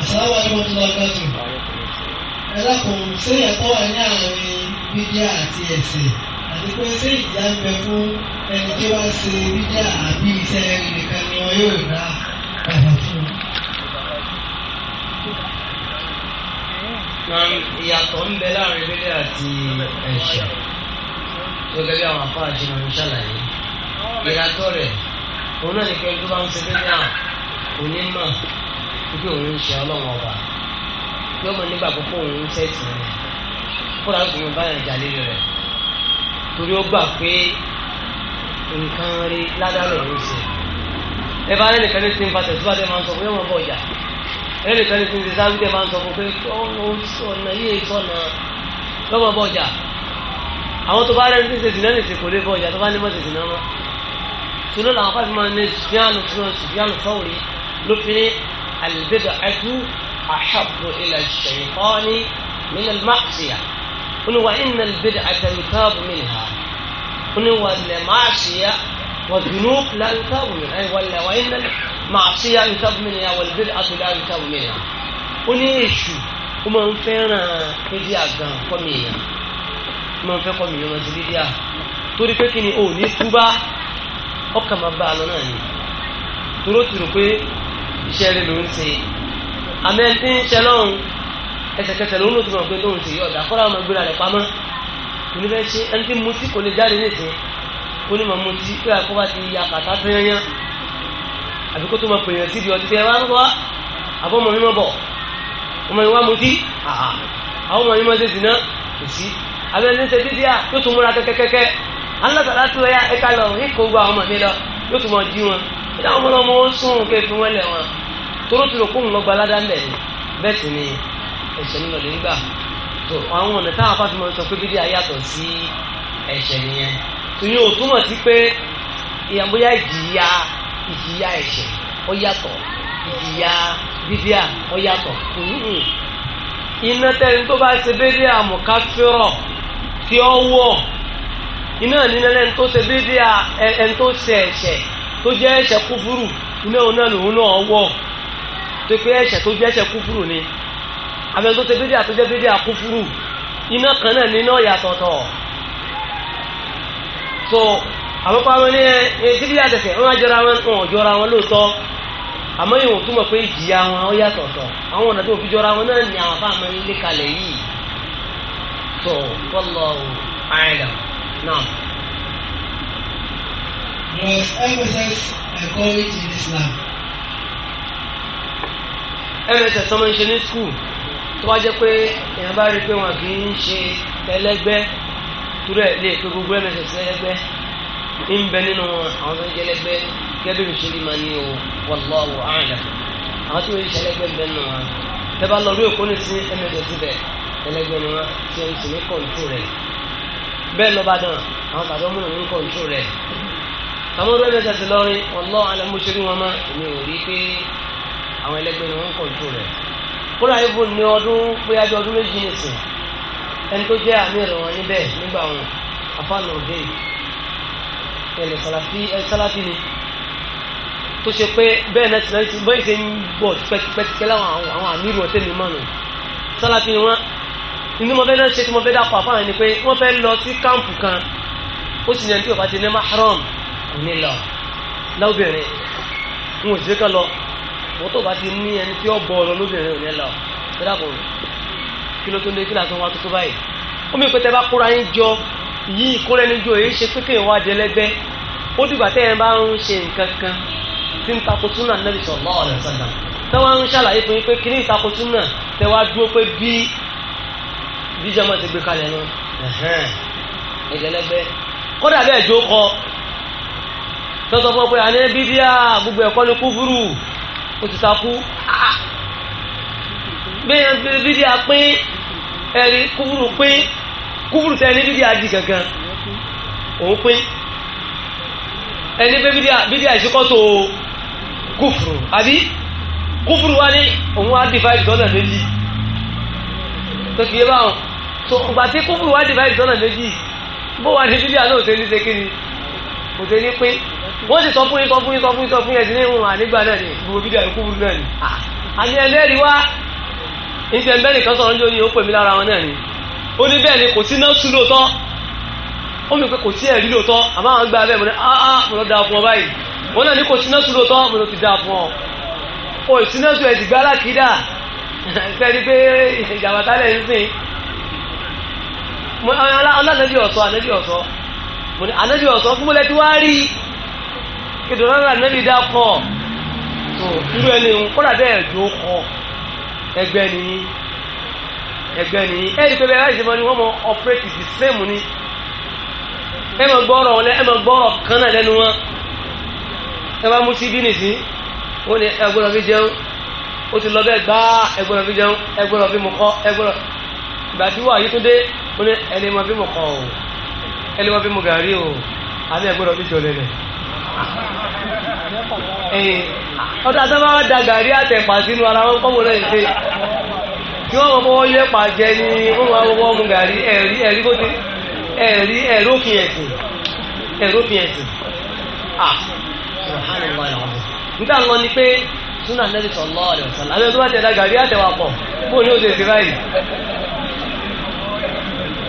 àṣàwọ̀ ìwọ ti lọ gbẹ́sùn ẹ lákòó sẹ́yìn ẹ̀kọ́ wà ní àárín bídíà àti ẹ̀sìn àti pé ṣé ìjà ń bẹ fún ẹni tí wọ́n ṣe bídíà àbí iṣẹ́ rere wọn yóò dá ẹ̀sìn sí i. ìyàtọ̀ ń bẹ láàrin bílẹ̀ àti ẹ̀ṣẹ̀ tó gẹ́gẹ́ àwọn afá àti ìrìn ṣàlàyé ìyàtọ̀ rẹ̀ òun náà ní pé tó bá ń ṣe bílẹ̀ à òní mọ̀ wípé òun ń ṣe ọlọ́run ọba yóò mọ nígbà púpọ̀ òun ń tẹ̀sí rẹ̀ kóra tó ń báyà rẹ̀ torí ó gbà pé nǹkan rí ládàá lòún ṣe ẹ bá rẹ́nìkan ní ti ń fasẹ̀ síwájú ẹ máa ń sọ fún yóò máa bọ̀ ọjà rẹ́nìkan ní ti ń ti sáré ẹ máa ń sọ fún pé ọ̀nà yìí e sọ̀nà lọ́mọ bọ̀ ọjà àwọn tó bá rẹ́ni tí ń sèṣìn náà nìsín kò lè bọ̀ ọjà tó bá ní mọ̀ sèṣìn náà mọ́ tunu làwọn fàfi máa ní sùfíànù tunu sùfíànù fọ́ọ̀rì ló fi ní àlùbẹ́dọ̀ ẹ̀kú àṣàbò ilẹ̀ ṣèyíkọ́ni nílẹ̀ máṣíyà ó ní wà ní àlùbẹ́dọ̀ àtẹnukọ́ والذنوب لا يتاب منها أي ولا وإن المعصية يتاب منها والبدعة لا يتاب منها oníyèsù ó máa ń fẹ́ràn bídíà gan kọ́mi èèyàn ó máa ń fẹ́ kọ́mi èèyàn ti bídíà torí pé kí ni ò ní kú bá ọkàn máa bá a lọ náà ni toró ti rò pé iṣẹ́ rẹ ló ń ṣe àmẹ́ tí ń ṣe lọ́run ẹsẹ̀kẹsẹ̀ ló ń lò tó máa gbé lóhùn sí ọ̀dà kọ́ra máa gbéra rẹ̀ pamọ́ kò ní fẹ́ ṣe ẹni tí mo sì kò lè jáde nísìnyí kó ní màmú tí pé àkó bá ti ya kàtá tó yányán àbí kó tó máa pèèyàn sí di ọtí tẹ wá ń wá àbọ̀ ọmọ mi máa bọ̀ ọmọ mi wá mu tí àwọn ọmọ mi máa ṣe dìná kò sí àbẹ̀ ẹni ṣe dídí à yóò tún múra kẹ́kẹ́kẹ́kẹ́ alátàlá tó yá ẹ̀ka lọ ìkó gba ọmọ mi lọ yóò tún máa jí wọn ìdá ọmọ náà mo sún kẹ́ fi wọ́n lẹ̀ wọn toró ẹ̀ṣẹ̀ nìyẹn ìyẹn ò túmọ̀ sí pé ìyẹn bóyá ìjìyà ìjìyà ẹ̀ṣẹ̀ ó yàtọ̀ ìjìyà bíbíà ó yàtọ̀ mm-hmm. iná tẹ́ni tó bá ṣe bíbíà mùkáfírọ̀ tí ó wọ̀ iná nínú ẹni tó ṣe bíbíà ẹni tó ṣe ẹ̀ṣẹ̀ tó jẹ́ ẹ̀ṣẹ̀ kúfúrú iná òun náà lòun náà wọ̀ tó pé ẹ̀ṣẹ̀ tó jẹ́ ẹ̀ṣẹ̀ kúfúrú ni àbẹ̀ tó ṣe bíbíà tó jẹ́ bíbíà kúfúrú iná kan náà nínú ọ̀yà tọ̀tọ̀ so àkọ́kọ́ àwọn ní ẹ síbí àtẹ̀sẹ̀ wọ́n á jọra wọn wọn jọra wọn lóòótọ́ àmọ́ ìwọ̀n túmọ̀ pé ìjìyà wọn ó yàtọ̀tọ̀ àwọn ọ̀nà tó fi jọra wọn náà ní àwọn afáàmọ́ ilé kalẹ̀ yìí so wallahu a'lam náà. was mss encouraged in Islam. mss ọmọ ìṣe ní skul tó wá jẹ́ pé èèyàn bá rí i pé wọn kì í ṣe ẹlẹ́gbẹ́ turu ẹ lé pé gbogbo ẹmẹ sẹsẹ ẹgbẹ ń bẹ nínú àwọn tó ń jẹlẹgbẹ gẹbí mi ṣẹlẹ̀ máa ní o wallahu a'lam àwọn tó ń jẹlẹgbẹ ń bẹ nínú wa tẹbà lọ lóye kó ní sí ẹmẹ dẹsí bẹ ẹlẹgbẹ ni wọn tí wọn sì ní kọńtò rẹ bẹ́ẹ̀ lọba dàn àwọn bàbá ọmọ náà kọńtò rẹ àwọn ọdún ẹmẹ sẹsẹ lọrin wallahu a'lam mo ṣe wọn mọ èmi ò rí pé àwọn ẹlẹgbẹ ni wọn kọńtò rẹ kó ẹni tó jẹ́ àmì ìrànwọ́ níbẹ̀ nígbà wọn afáànà òde ẹ̀lẹ̀ sàlàfí ẹ̀ sàlàfí ni tó ṣe pé bẹ́ẹ̀ náà tìlẹ́ ti bẹ́ẹ̀ ṣe ń bọ̀ pẹ́kipẹ́kipẹ́ láwọn àwọn àmì ìrọ̀ tẹ̀mí mọ́nà sàlàfí ni wọ́n inú mo fẹ́ náà ṣe tí mo fẹ́ dàpọ̀ afáànà ni pé wọ́n fẹ́ lọ sí káàmpù kan ó sì yẹn tí o bá ti ní mahram kò ní lọ lóbìnrin n ò sí ká lọ wọ́n tó bá ti ní ẹni tí ó bọ̀ ọ kí ló tó lé kí làtọ́ wá tó tó báyìí ó mi pé tẹ́ bá kóra yín jọ yí ìkóra ẹni jọ èyí ṣe pé kéèyàn wá dẹlẹ́gbẹ́ ó dìgbà tẹ́ ẹ bá ń ṣe nǹkan kan tí ń takò súnà Nabi sallallahu alaihi wasallam tẹ́ wá ń ṣàlàyé fún yín pé kí ní ìtakò súnà tẹ́ wá dúró pé bí bíjàmọ́ ti gbé kalẹ̀ nu ẹ̀dẹ́lẹ́gbẹ́ kódà bẹ́ẹ̀ jó kọ tọ́tọ́ fún ọ pé àní bídíà gbogbo ẹ̀kọ́ ni kúfúrú ó ti takú bẹ́ẹ̀ bẹ́ẹ̀ bídíà pín ẹ̀rí kúrú pín kúrú tẹ́ ẹni bídíà di kankan òun pín ẹni pé bídíà ìṣekọ́tò kúfùrù àbí kúfùrù wá ní òun á divide dọ́là méjì tó kìí báwọn so ìgbà tí kúfùrù wá divide dọ́là méjì bó wà ní bídíà náà ò tẹ́ ní ṣe kí ni kò tẹ́ ní pín wọ́n sì sọ fún yín sọ fún yín sọ fún yín sọ fún yín ẹ̀sìn ní ìwọ̀n ànígbà náà ni gbogbo bídíà ìkúfùrù náà ni àní ẹlẹ́rìí wá ìṣẹ̀ bẹ́ẹ̀ nìkan sọ̀rọ̀ níjó ni ó pè mí lára wọn náà ni ó ní bẹ́ẹ̀ ni kò sí náà sú lóòótọ́ ó mi pé kò sí ẹ̀rí lóòótọ́ àmọ́ àwọn gba abẹ́ mo ní áá mo lọ da fún ọ báyìí wọn náà ní kò sí náà sú lóòótọ́ mo lọ ti da fún ọ o sí náà sú ẹ̀dìgbà alákìídà sẹ́ni pé ìjàmbá tálẹ̀ ń sìn ọlọ́nàbí ọ̀sọ́ ànábì ọ̀sọ́ mo ní ànábì ọ̀sọ́ fún mọ́lẹ́ tí wàá rí ìdùnnú ànábì dá kọ́ irú ẹni kọ́lá bẹ́ẹ̀ ló kọ́ ẹgbẹ́ ni ẹgbẹ́ ni ẹ̀rí pé bẹ́ẹ̀ láì ṣe mọ́ ni wọ́n mọ operate the same ni ẹ mọ gbọ́rọ̀ ẹ mọ gbọ́rọ̀ kan náà lẹ́nu wọn ẹ bá mú sí bí nìsí wọ́n ní ẹgbọ́rọ̀ fi jẹun ó ti lọ bẹ́ẹ̀ gbá ẹgbọ́rọ̀ fi jẹun ẹgbọ́rọ̀ fi mú kọ́ ẹgbọ́rọ̀ ìgbà tí wàá yí tó dé wọ́n ní ẹni mọ fi mú kọ́ o ẹni mọ fi mú gàrí o àbí ẹgbọ́rọ̀ fi jọ lẹ́nu. Eh, ọdún àtàwọn bá da gàrí àtẹ̀pà sínú ara wọn kọ́mọ náà ṣe tí wọ́n mọ̀ yẹ pa jẹ ní wọ́n máa wọ́n mu gàrí ẹ̀rí ẹ̀rí kó ti ẹ̀rí ẹ̀rí òfin ẹ̀sìn ẹ̀rí òfin ẹ̀sìn à nígbà ńlọ ni pé súnà nẹ́bí sọ̀lọ́ ọ̀rẹ́ ọ̀sán àbẹ́ tó bá tẹ̀ da gàrí àtẹ̀wà pọ̀ bó ni ó ṣe báyìí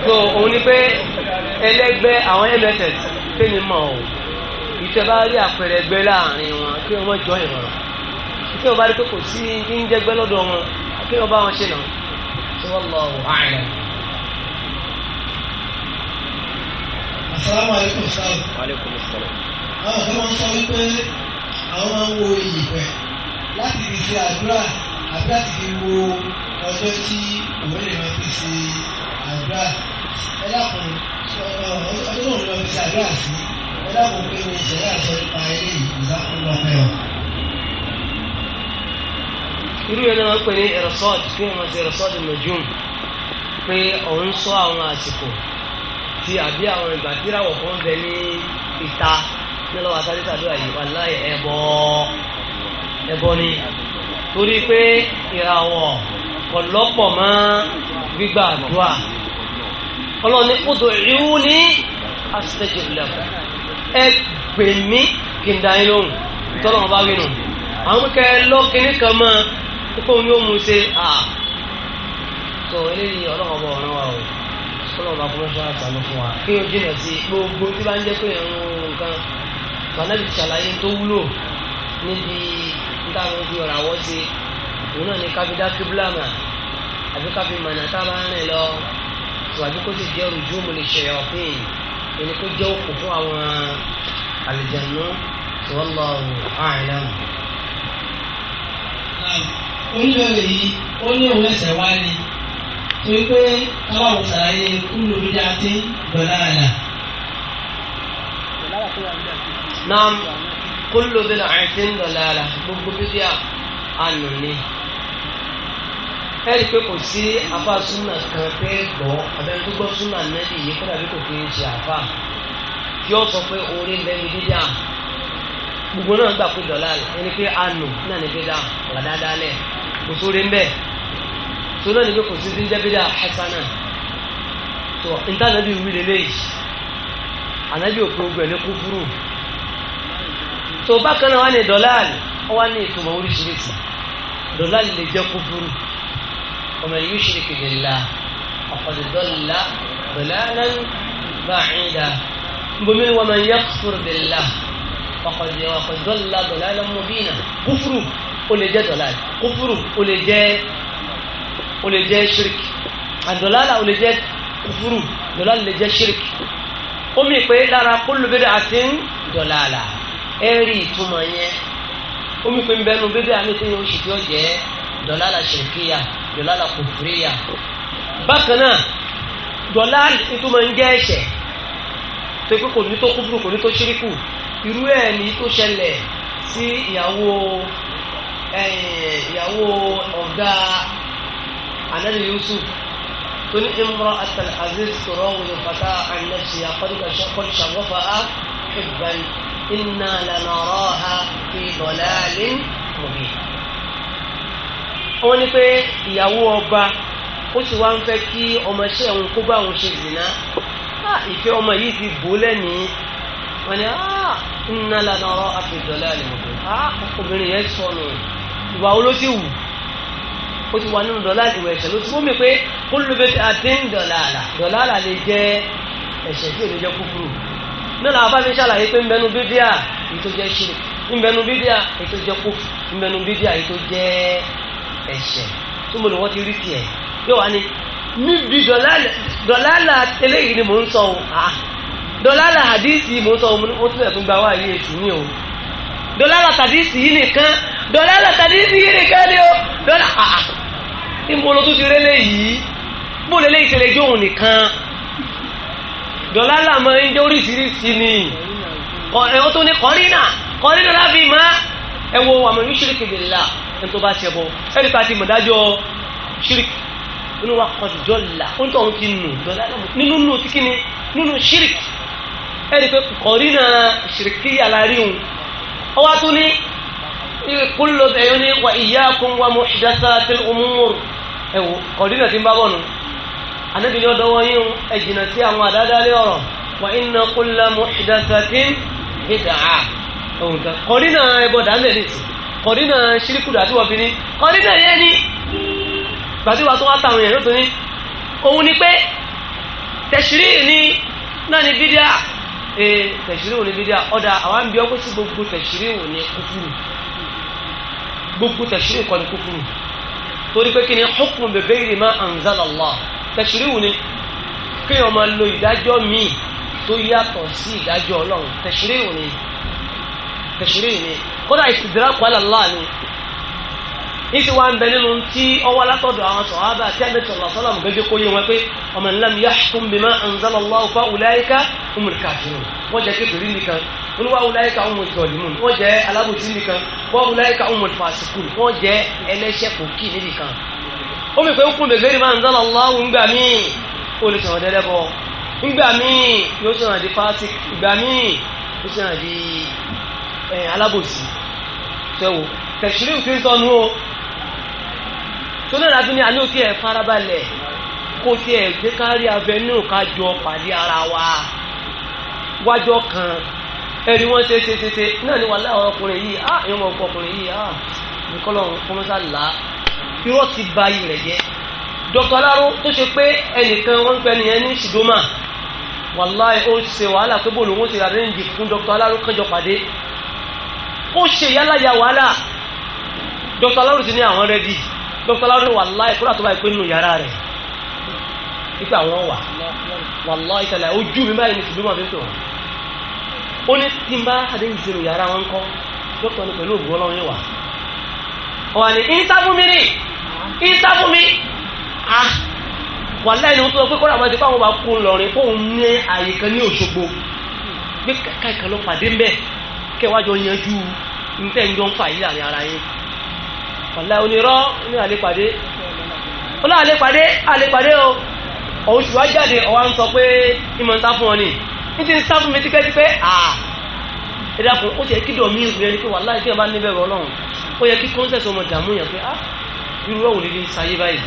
so òun ni pé ẹlẹ́gbẹ́ àwọn mss pé mi mọ̀ ọ́ àbí bá rí àpẹẹrẹ ẹgbẹ́ láàrin wọn kí wọ́n jọ ìrọ̀rọ̀ kí wọ́n bá rí pé kò sí ní jẹ́gbẹ́ lọ́dọ̀ wọn kí wọ́n bá wọn ṣe nà asalaamualeykum salaam. waaleykum salaam. àwọn kan máa sọ wípé àwọn máa ń wo ìyìnbẹ̀ láti fi ṣe àdúrà àbí láti fi wo ọjọ́ tí òun lè máa fi ṣe àdúrà ẹ dákun ọjọ́ òun lè máa fi ṣe àdúrà sí ẹ dábòó pé o bẹ̀rẹ̀ àṣọ ipa ilé ìdákùnlọ mẹ́wàá. irú yẹn náà wọ́n pè ní ẹ̀rọ̀sọ́ọ̀dì kí wọ́n ti ẹ̀rọ̀sọ́ọ̀dì nùjúm pé òun sọ àwọn àsìkò tí àbí àwọn ìgbà tíràwọ̀ kan bẹ ní ìta ní lọ́wọ́ àtàlẹ́ tàbí àyè wà láyé ẹbọ ẹbọ ni torí pé ìràwọ̀ ọ̀lọ́pọ̀ mọ́ gbígbà àdúrà ọlọ́ni kúndùn ìrú ní àṣìṣẹ́jì lẹ́kọ̀ọ́ ẹ pè mí kí n dání lóhùn tọ́lọ̀ wọn bá wí nù àwọn kẹ lọ́kìnní kan mọ́ kókó ní ó mú ṣe à tó eléyìí ọlọ́wọ́ bọ̀ ọ̀rọ̀ wa o tọ́lọ̀ bá kọ́ fún àtàlù fún wa kí o jìnà sí gbogbo tí bá ń jẹ́ pé ẹ̀rùn nǹkan mọ̀lẹ́bí ṣàlàyé tó wúlò níbi nítawọn fi ọ̀rọ̀ àwọ̀ ṣe òun náà ni káfí dá kíblámà àbí káfí mọ̀nà tá a rìn lọ tòwájú kó sì jẹ́ rùjú mo lè ṣe ọ̀pìn yìí ẹni kó jẹ́ òkú fún àwọn àlìjẹ̀nú wallahu a'lam. oníbẹ̀rẹ̀ yìí ó ní òun ẹ̀sẹ̀ wá ni torí pé káwáwò sàlàyé kúlù bí a ti gbọ̀dá àyà. naam kúlù bí a ti gbọ̀dá àyà gbogbo bí a ni ẹ̀rí pé kò sí àfa súnà kan tẹ́ gbọ́ abẹ́rẹ́ tó gbọ́ súnà nẹ́bí yìí kó dàbí kò fi ń ṣe àfa kí ó sọ pé orí lẹ́nu dídá gbogbo náà gbà pé dọ̀là ẹni pé àánú náà ní dídá wà dáadáa lẹ̀ kò sóore ń bẹ̀ tó náà ní pé kò sí sí ń jẹ́ dídá hasana tó ntànàbí wí lélẹ́yìí ànábì òpin ogun ẹ̀ ní kúfúrú tó bákan náà wà ní dọ̀là wà ní ìtumọ̀ oríṣiríṣi dọ̀là lè jẹ́ kúfúrú. ومن يشرك بالله فقد ضل ضلالا بعيدا بمن ومن يكفر بالله فقد وقد ضل ضلالا مبينا كفر ولي جاء ضلال كفر ولي جاء شرك الضلال ولي جاء كفر ضلال ولي شرك omi pé lára kúlù bídà àti ń dọ̀làlà ẹ̀rí ìtumọ̀ yẹn omi pé ń bẹnu bídà àmì tí yóò ṣètò dọ̀làlà ṣèkìyà dọ̀làlà kùfìríyà bákan náà dọ̀là tó máa ń jẹ́ ẹ̀ṣẹ̀ tó pé kò ní tó kúfúrú kò ní tó ṣíríkù irú ẹ̀ ní tó ṣẹlẹ̀ sí ìyàwó ìyàwó ọ̀gá anabi Yusuf tó ní imra atal aziz sọ̀rọ̀ wòlò fata anẹ́sì akọ́dúkọ̀ ṣàwọ́fà á ìgbà iná lànà ọ̀rọ̀ ha fi dọ̀làlín mubin wọ́n ní pé ìyàwó ọba ó sì wá ń fẹ́ kí ọmọọṣẹ́ òun kó bá òun ṣe zìnà ìfẹ́ ọmọ yìí ti bò lẹ́nìí wọ́n ní nná lànà ọ̀rọ̀ àfẹ́dọ́lá àlùmọ̀dọ́ obìnrin yẹn sọnù ìwà olóṣì wù ó ti wà nínú dọ́là ìwà ẹ̀ṣẹ̀ ló ti wọ́n mi pé kó ló bẹ àti ń dọ̀là àlà dọ̀là àlà lè jẹ́ ẹ̀ṣẹ̀ tí ò jẹ́ kúkúrú náà làwọn bá mi pé ń bẹnu bídíà jẹ́ ṣírí ń bẹnu bídíà jẹ́ kófù ń bẹnu bídíà jẹ́ ẹ̀ṣẹ̀ tó mo ní wọ́n ti rí tiẹ̀ yóò wá ní níbi dọ̀làlà eléyìí ni mò ń sọ o dọ̀làlà àdìsí mò ń sọ o mo tún ẹ̀tún gba wáyé ètù mi o dọ̀làlà tàdísì yìí nìkan dọ̀làlà tàdísì yìí nìkan ni o dọ̀là ìmọ̀lò tó ti rélé yìí bó lélé ìṣẹ̀lẹ̀ jóun nìkan dọ̀làlà máa ń jẹ́ oríṣiríṣi ni ó tó ní kọ́rínà kọ́rínà láfi máa ẹ̀wọ̀ àmọ̀ yóò ṣe é kébìlà ẹni tó bá ṣẹbọ ẹni pa ti mọ̀dájọ́ ṣíríkì inú wa kọ́ ti jọ́là ó ń tọ́ ti nù dọ́là nínú nù ti kíni nínú ṣíríkì ẹni pé kọ̀rí náà ṣíríkì alárí òun ọwá tó ní kúlò bẹ̀yọ́ ní wa iyyakum wa muhdathatil umur ẹ̀wò kọ̀rí náà ti ń bá bọ̀ nù anábìlẹ̀ ọ̀dọ́ wọn yín ẹ̀jìnà sí àwọn àdádálé ọ̀rọ̀ wa inna kulla muhdathatin bid'ah òun kan kọ̀rí náà ẹbọ dàmẹ́lì sí kọ̀dínà ṣíríkùdà tí wọ́n fi ní kọ̀dínà yẹn ni gbàtíwà tó wá tàwọn èèyàn tó ní òun ni pé tẹ̀ṣírí ní náà ni bídíà ee tẹ̀ṣírí òun ni bídíà ọ̀dà àwọn àmì ọkọ̀ sí gbogbo tẹ̀ṣírí òun ni kúfùrù gbogbo tẹ̀ṣírí kọ́ ni kúfùrù torí pé kí ni hukmu bi ghayri ma anzala Allah tẹ̀ṣírí òun ni kí ọmọ lo ìdájọ́ míì tó yàtọ̀ sí ìdájọ́ ọlọ́run tẹ̀ṣírí òun ni tẹ̀ṣírí òun ni kódà ìsìdìrà pàlà láàánú ìfi wa ń bẹ nínú tí ọwọ́ látọ̀dọ̀ àwọn sọ̀hábà tí àbẹ̀ tọ̀lọ̀ sọ́lá mú gẹ́gẹ́ kó yé wọn pé ọmọ ńlá mi yahkum bima anzala Allahu fa ulaika humul kafirun wọ́n jẹ́ kékeré nìkan wọ́n wá ulaika humul zalimun wọ́n jẹ́ alábòsí nìkan wọ́n ulaika humul fasiqun wọ́n jẹ́ ẹlẹ́ṣẹ̀ kòkì nìkan. ó mi pé ń kún bèbèrè ma anzala Allahu ńgbà ńgbà míì yóò sọ̀rọ̀ tẹ́wò tẹ̀sírìwù ti ń sọnù o tó náà láti ní àní ò tiẹ̀ farabalẹ̀ kó tiẹ̀ gbé kárí avenue kájọ pàdé ara wa wájọ kan ẹni wọ́n ṣe ṣe ṣe ṣe náà ni wà láwọn ọkùnrin yìí á ah, ìwọ̀n ọkọ ọkùnrin yìí á ah, nìkọ́lọ̀ kọ́mọ́sá là á irọ́ ti ba ayé rẹ̀ jẹ́ dọ́kọ̀ aláró tó ṣe pé ẹnìkan wọ́n ń pẹ́ nìyẹn ní ṣùdọ́mà wàláì ó ṣe wàhálà pé bóòlù wọn ṣe rà rẹ́ǹjì fún dọ́kọ̀ aláró kánjọ pàdé o ṣe yálà ya wàhálà dr alárò ti ní àwọn rẹ́dí dr alárò ní wàhálà ìkúrà tó ìpín nù yàrá rẹ̀ ipe àwọn wà wàhálà ìtàlẹ̀ ojú mi báyìí ní tìbí wọn fi ó ní tí n bá yàrá wọn dr ní pẹ̀lú òògùn ọlọ́run yìí wà wà ní ìtàfún mi mi ah wàhálà ìlú tó pé kọ́ra àwọn ti fáwọn bá kú kẹwàjọ yanjú ntẹ́ ń jọ ń fà yí láàrin ara yín wàlá onírọ́ ní àlepàdé ọlọ́ àlepàdé àlepàdé o ọ̀hún ṣùgbọ́n ajáde ọ̀wá ń sọ pé ìmọ̀ ń sá fún ọ ni ní ti ń sá fún mi tipẹ́tipẹ́ à ẹ dákun ó ti yẹ kí dọ̀mí rẹ ni pé wàlá ìṣe bá níbẹ̀ rọ ọlọ́run ó yẹ kí kọ́ńtẹ̀sì ọmọ dààmú yẹn pé ah irú ọ̀hún ni ń sáyé báyìí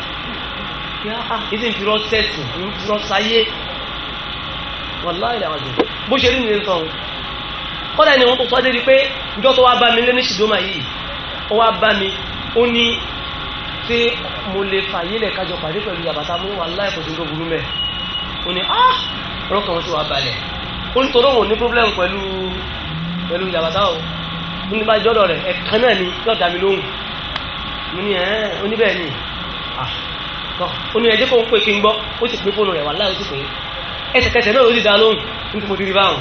kí ah ìdí ń fi rọ́ sẹ́ẹ̀sì ń fi rọ́ sáyé wàlá ìdàgbàsọ bó ṣe rí kọ́dà ni wọ́n tó sọ́dé di pé ìjọ tó wá bá mi lé ní ṣìdómà yìí ó wá bá mi ó ní tí mo lè fàyè lẹ̀ kájọ pàdé pẹ̀lú yàbàtà mo wà láì burú mẹ́ ó ní ah ọlọ́kàn wọn ti wá balẹ̀ ó ní torí òun ní pírọ́blẹ́mù pẹ̀lú pẹ̀lú yàbàtà o ó ní bá jọ́dọ̀ rẹ̀ ẹ̀kan náà ni yóò dá mi lóhùn mo ní ẹ̀ ó ní bẹ́ẹ̀ ni ah tọ́ ó ní ẹjẹ́ kó ń pè kí n gbọ́ ó sì pé fóònù rẹ̀ wà láì ó sì pè é ẹsẹ̀kẹsẹ̀ náà ló sì dá lóhùn nítorí mo ti rí báwọn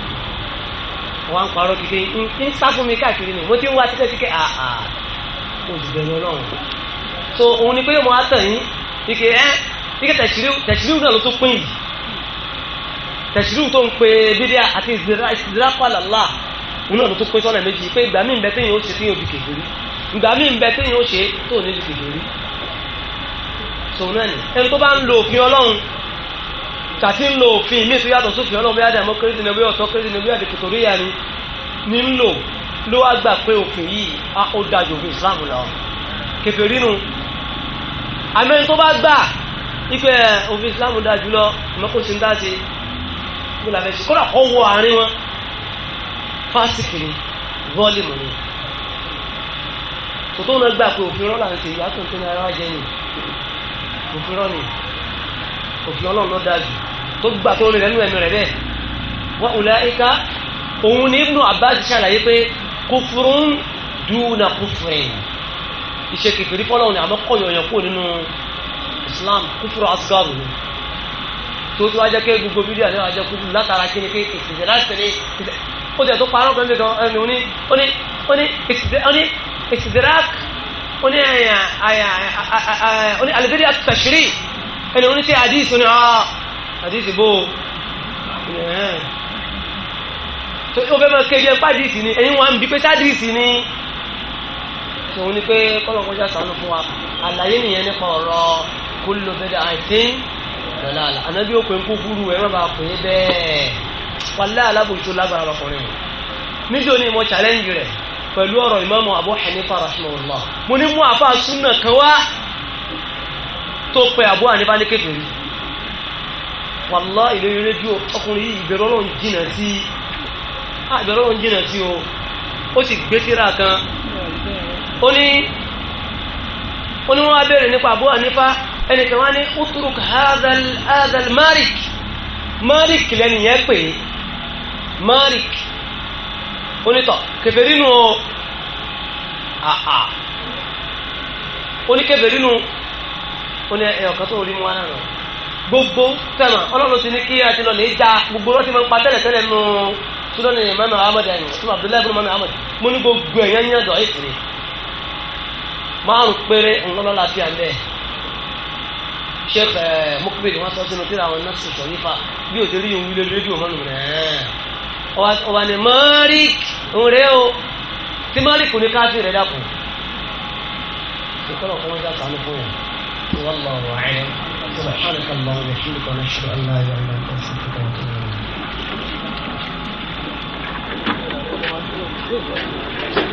wọn ń parọ́ kíkẹ́ ń sá fún mi káàkiri nù mo ti ń wá tíkẹ́tíkẹ́ àà ó ti bẹ̀rù ọlọ́run so òun ni pé yóò mọ àtẹ̀yìn ike ẹ́ ike tẹ̀síríù náà ló tún pín yìí tẹ̀síríù tó ń pe bídíà àti ìdírápàlàlà òun náà ló tún pín sọ́nà méjì pé ìgbà míì ń bẹ téèyàn ó ṣe téèyàn òbí kékeré ìgbà míì ń bẹ téèyàn ó ṣe tó ní òbí kékeré so náà ni ẹni tó bá ń lo òfin ọlọ́run tàti ń lo òfin ní ìtúyàtọ̀ sófin ọlọ́run bí ádàmọ́ kérésì ní ọbẹ̀ ọ̀tọ́ kérésì ní ọbẹ̀ àdìkòtò rí yà ni ń lò ló wá gbà pé òfin yìí á ó dájú òfin Islam lọ kẹfẹ rínu àmẹ́rin tó bá gbà ife òfin Islam dájú lọ mọ́kòsí ń dá sí gbọ́dọ̀ àfẹ́sí kọ́dà kọ́ wọ àárín wọn fásitì ni vọ́ọ̀lìmù ni tòótọ́ náà gbà pé òfin rọ́lá ń ìyá tó ń tẹ́lẹ̀ ara jẹ́ ni òfin rọ́ ni òfin ọlọ́run ló dáa jù tó gbà tó rìn lẹ́nu ẹ̀mí rẹ̀ bẹ́ẹ̀ wọ́n ò lẹ́ ika òun ní Ibnu Abbas ṣàlàyé pé kufrun duna kufrin ìṣe kékeré fọlọ́run ni àmọ́ kọ̀yọ̀yàn kúrò nínú Islam kufru asgaru ni tó tó wájẹ́ pé gbogbo fídíò àti wájẹ́ kúrú látara kí ni pé ìṣẹ̀lẹ̀ láti ní ìṣẹ̀lẹ̀ ó jẹ́ tó parọ́ pẹ̀lú kan ẹni oní oní oní ìṣẹ̀dẹ̀rák oní àyà àyà oní àlùbẹ́rẹ́ àti tàṣírí ẹni wọn ti àdìsí ni ah àdìsí bò tó o fẹ́ máa kéde ẹ pàdìsí ni ẹ̀yin wọn bí pé sádìsí ni tòun ni pé kọ́lọ̀ kọjá sànù fún wa àlàyé nìyẹn nípa ọ̀rọ̀ kullu bid'atin dalalah ànábí ó pè ń kú fúru ẹ má bàa pè é bẹ́ẹ̀ wàlá alábòjútó lágbára lọkùnrin o níjó ni mo challenge rẹ pẹ̀lú Imam Abu Hanifa rahimahullah mo ní mú àfa tó pẹ àbú àníbá ní kékeré wàlá ìlérí rédíò ọkùnrin yìí ìbẹ̀rù ọlọ́run jìnà sí ah, ìbẹ̀rù ọlọ́run jìnà sí o ó sì gbé síra kan ó ní ó ní wọ́n á bèèrè nípa àbú àníbá ẹnìkan wá ní uturuk hadal hadal marik marik lẹ́nìyẹn pè marik onítọ̀ kẹfẹ́rí nù ọ́ àà oníkẹfẹ́rí nù ó ní ẹyọ kan tó rí mu ara rẹ gbogbo fẹmọ Ọlọ́run ti ní kí a ti lọ lè da gbogbo lọsí máa ń pa tẹ́lẹ̀ tẹ́lẹ̀ nù sunan ní imam ahmed ẹni sunan abdullahi bin muhammad mo ní gbogbo ẹ̀yán yẹn dọ̀ ìfìrí márùn péré ńlọ́lọ́ láti àndẹ́ sheikh eh, mukbir wọn sọ sínú tíra àwọn nọ́ọ̀sì sọ yífa bí o ti rí ìwú lórí rédíò mọ́nu rẹ̀ ọ̀wà ni mọ́rík ńrẹ́ o tí mọ́rík ní káfí rẹ̀ dàpọ̀ ìkọlọ̀ kọ́ wọn fún yẹn. والله أعلم سبحانك الله وبحمدك ونشهد أن لا إله إلا أنت نستغفرك ونتوب إليك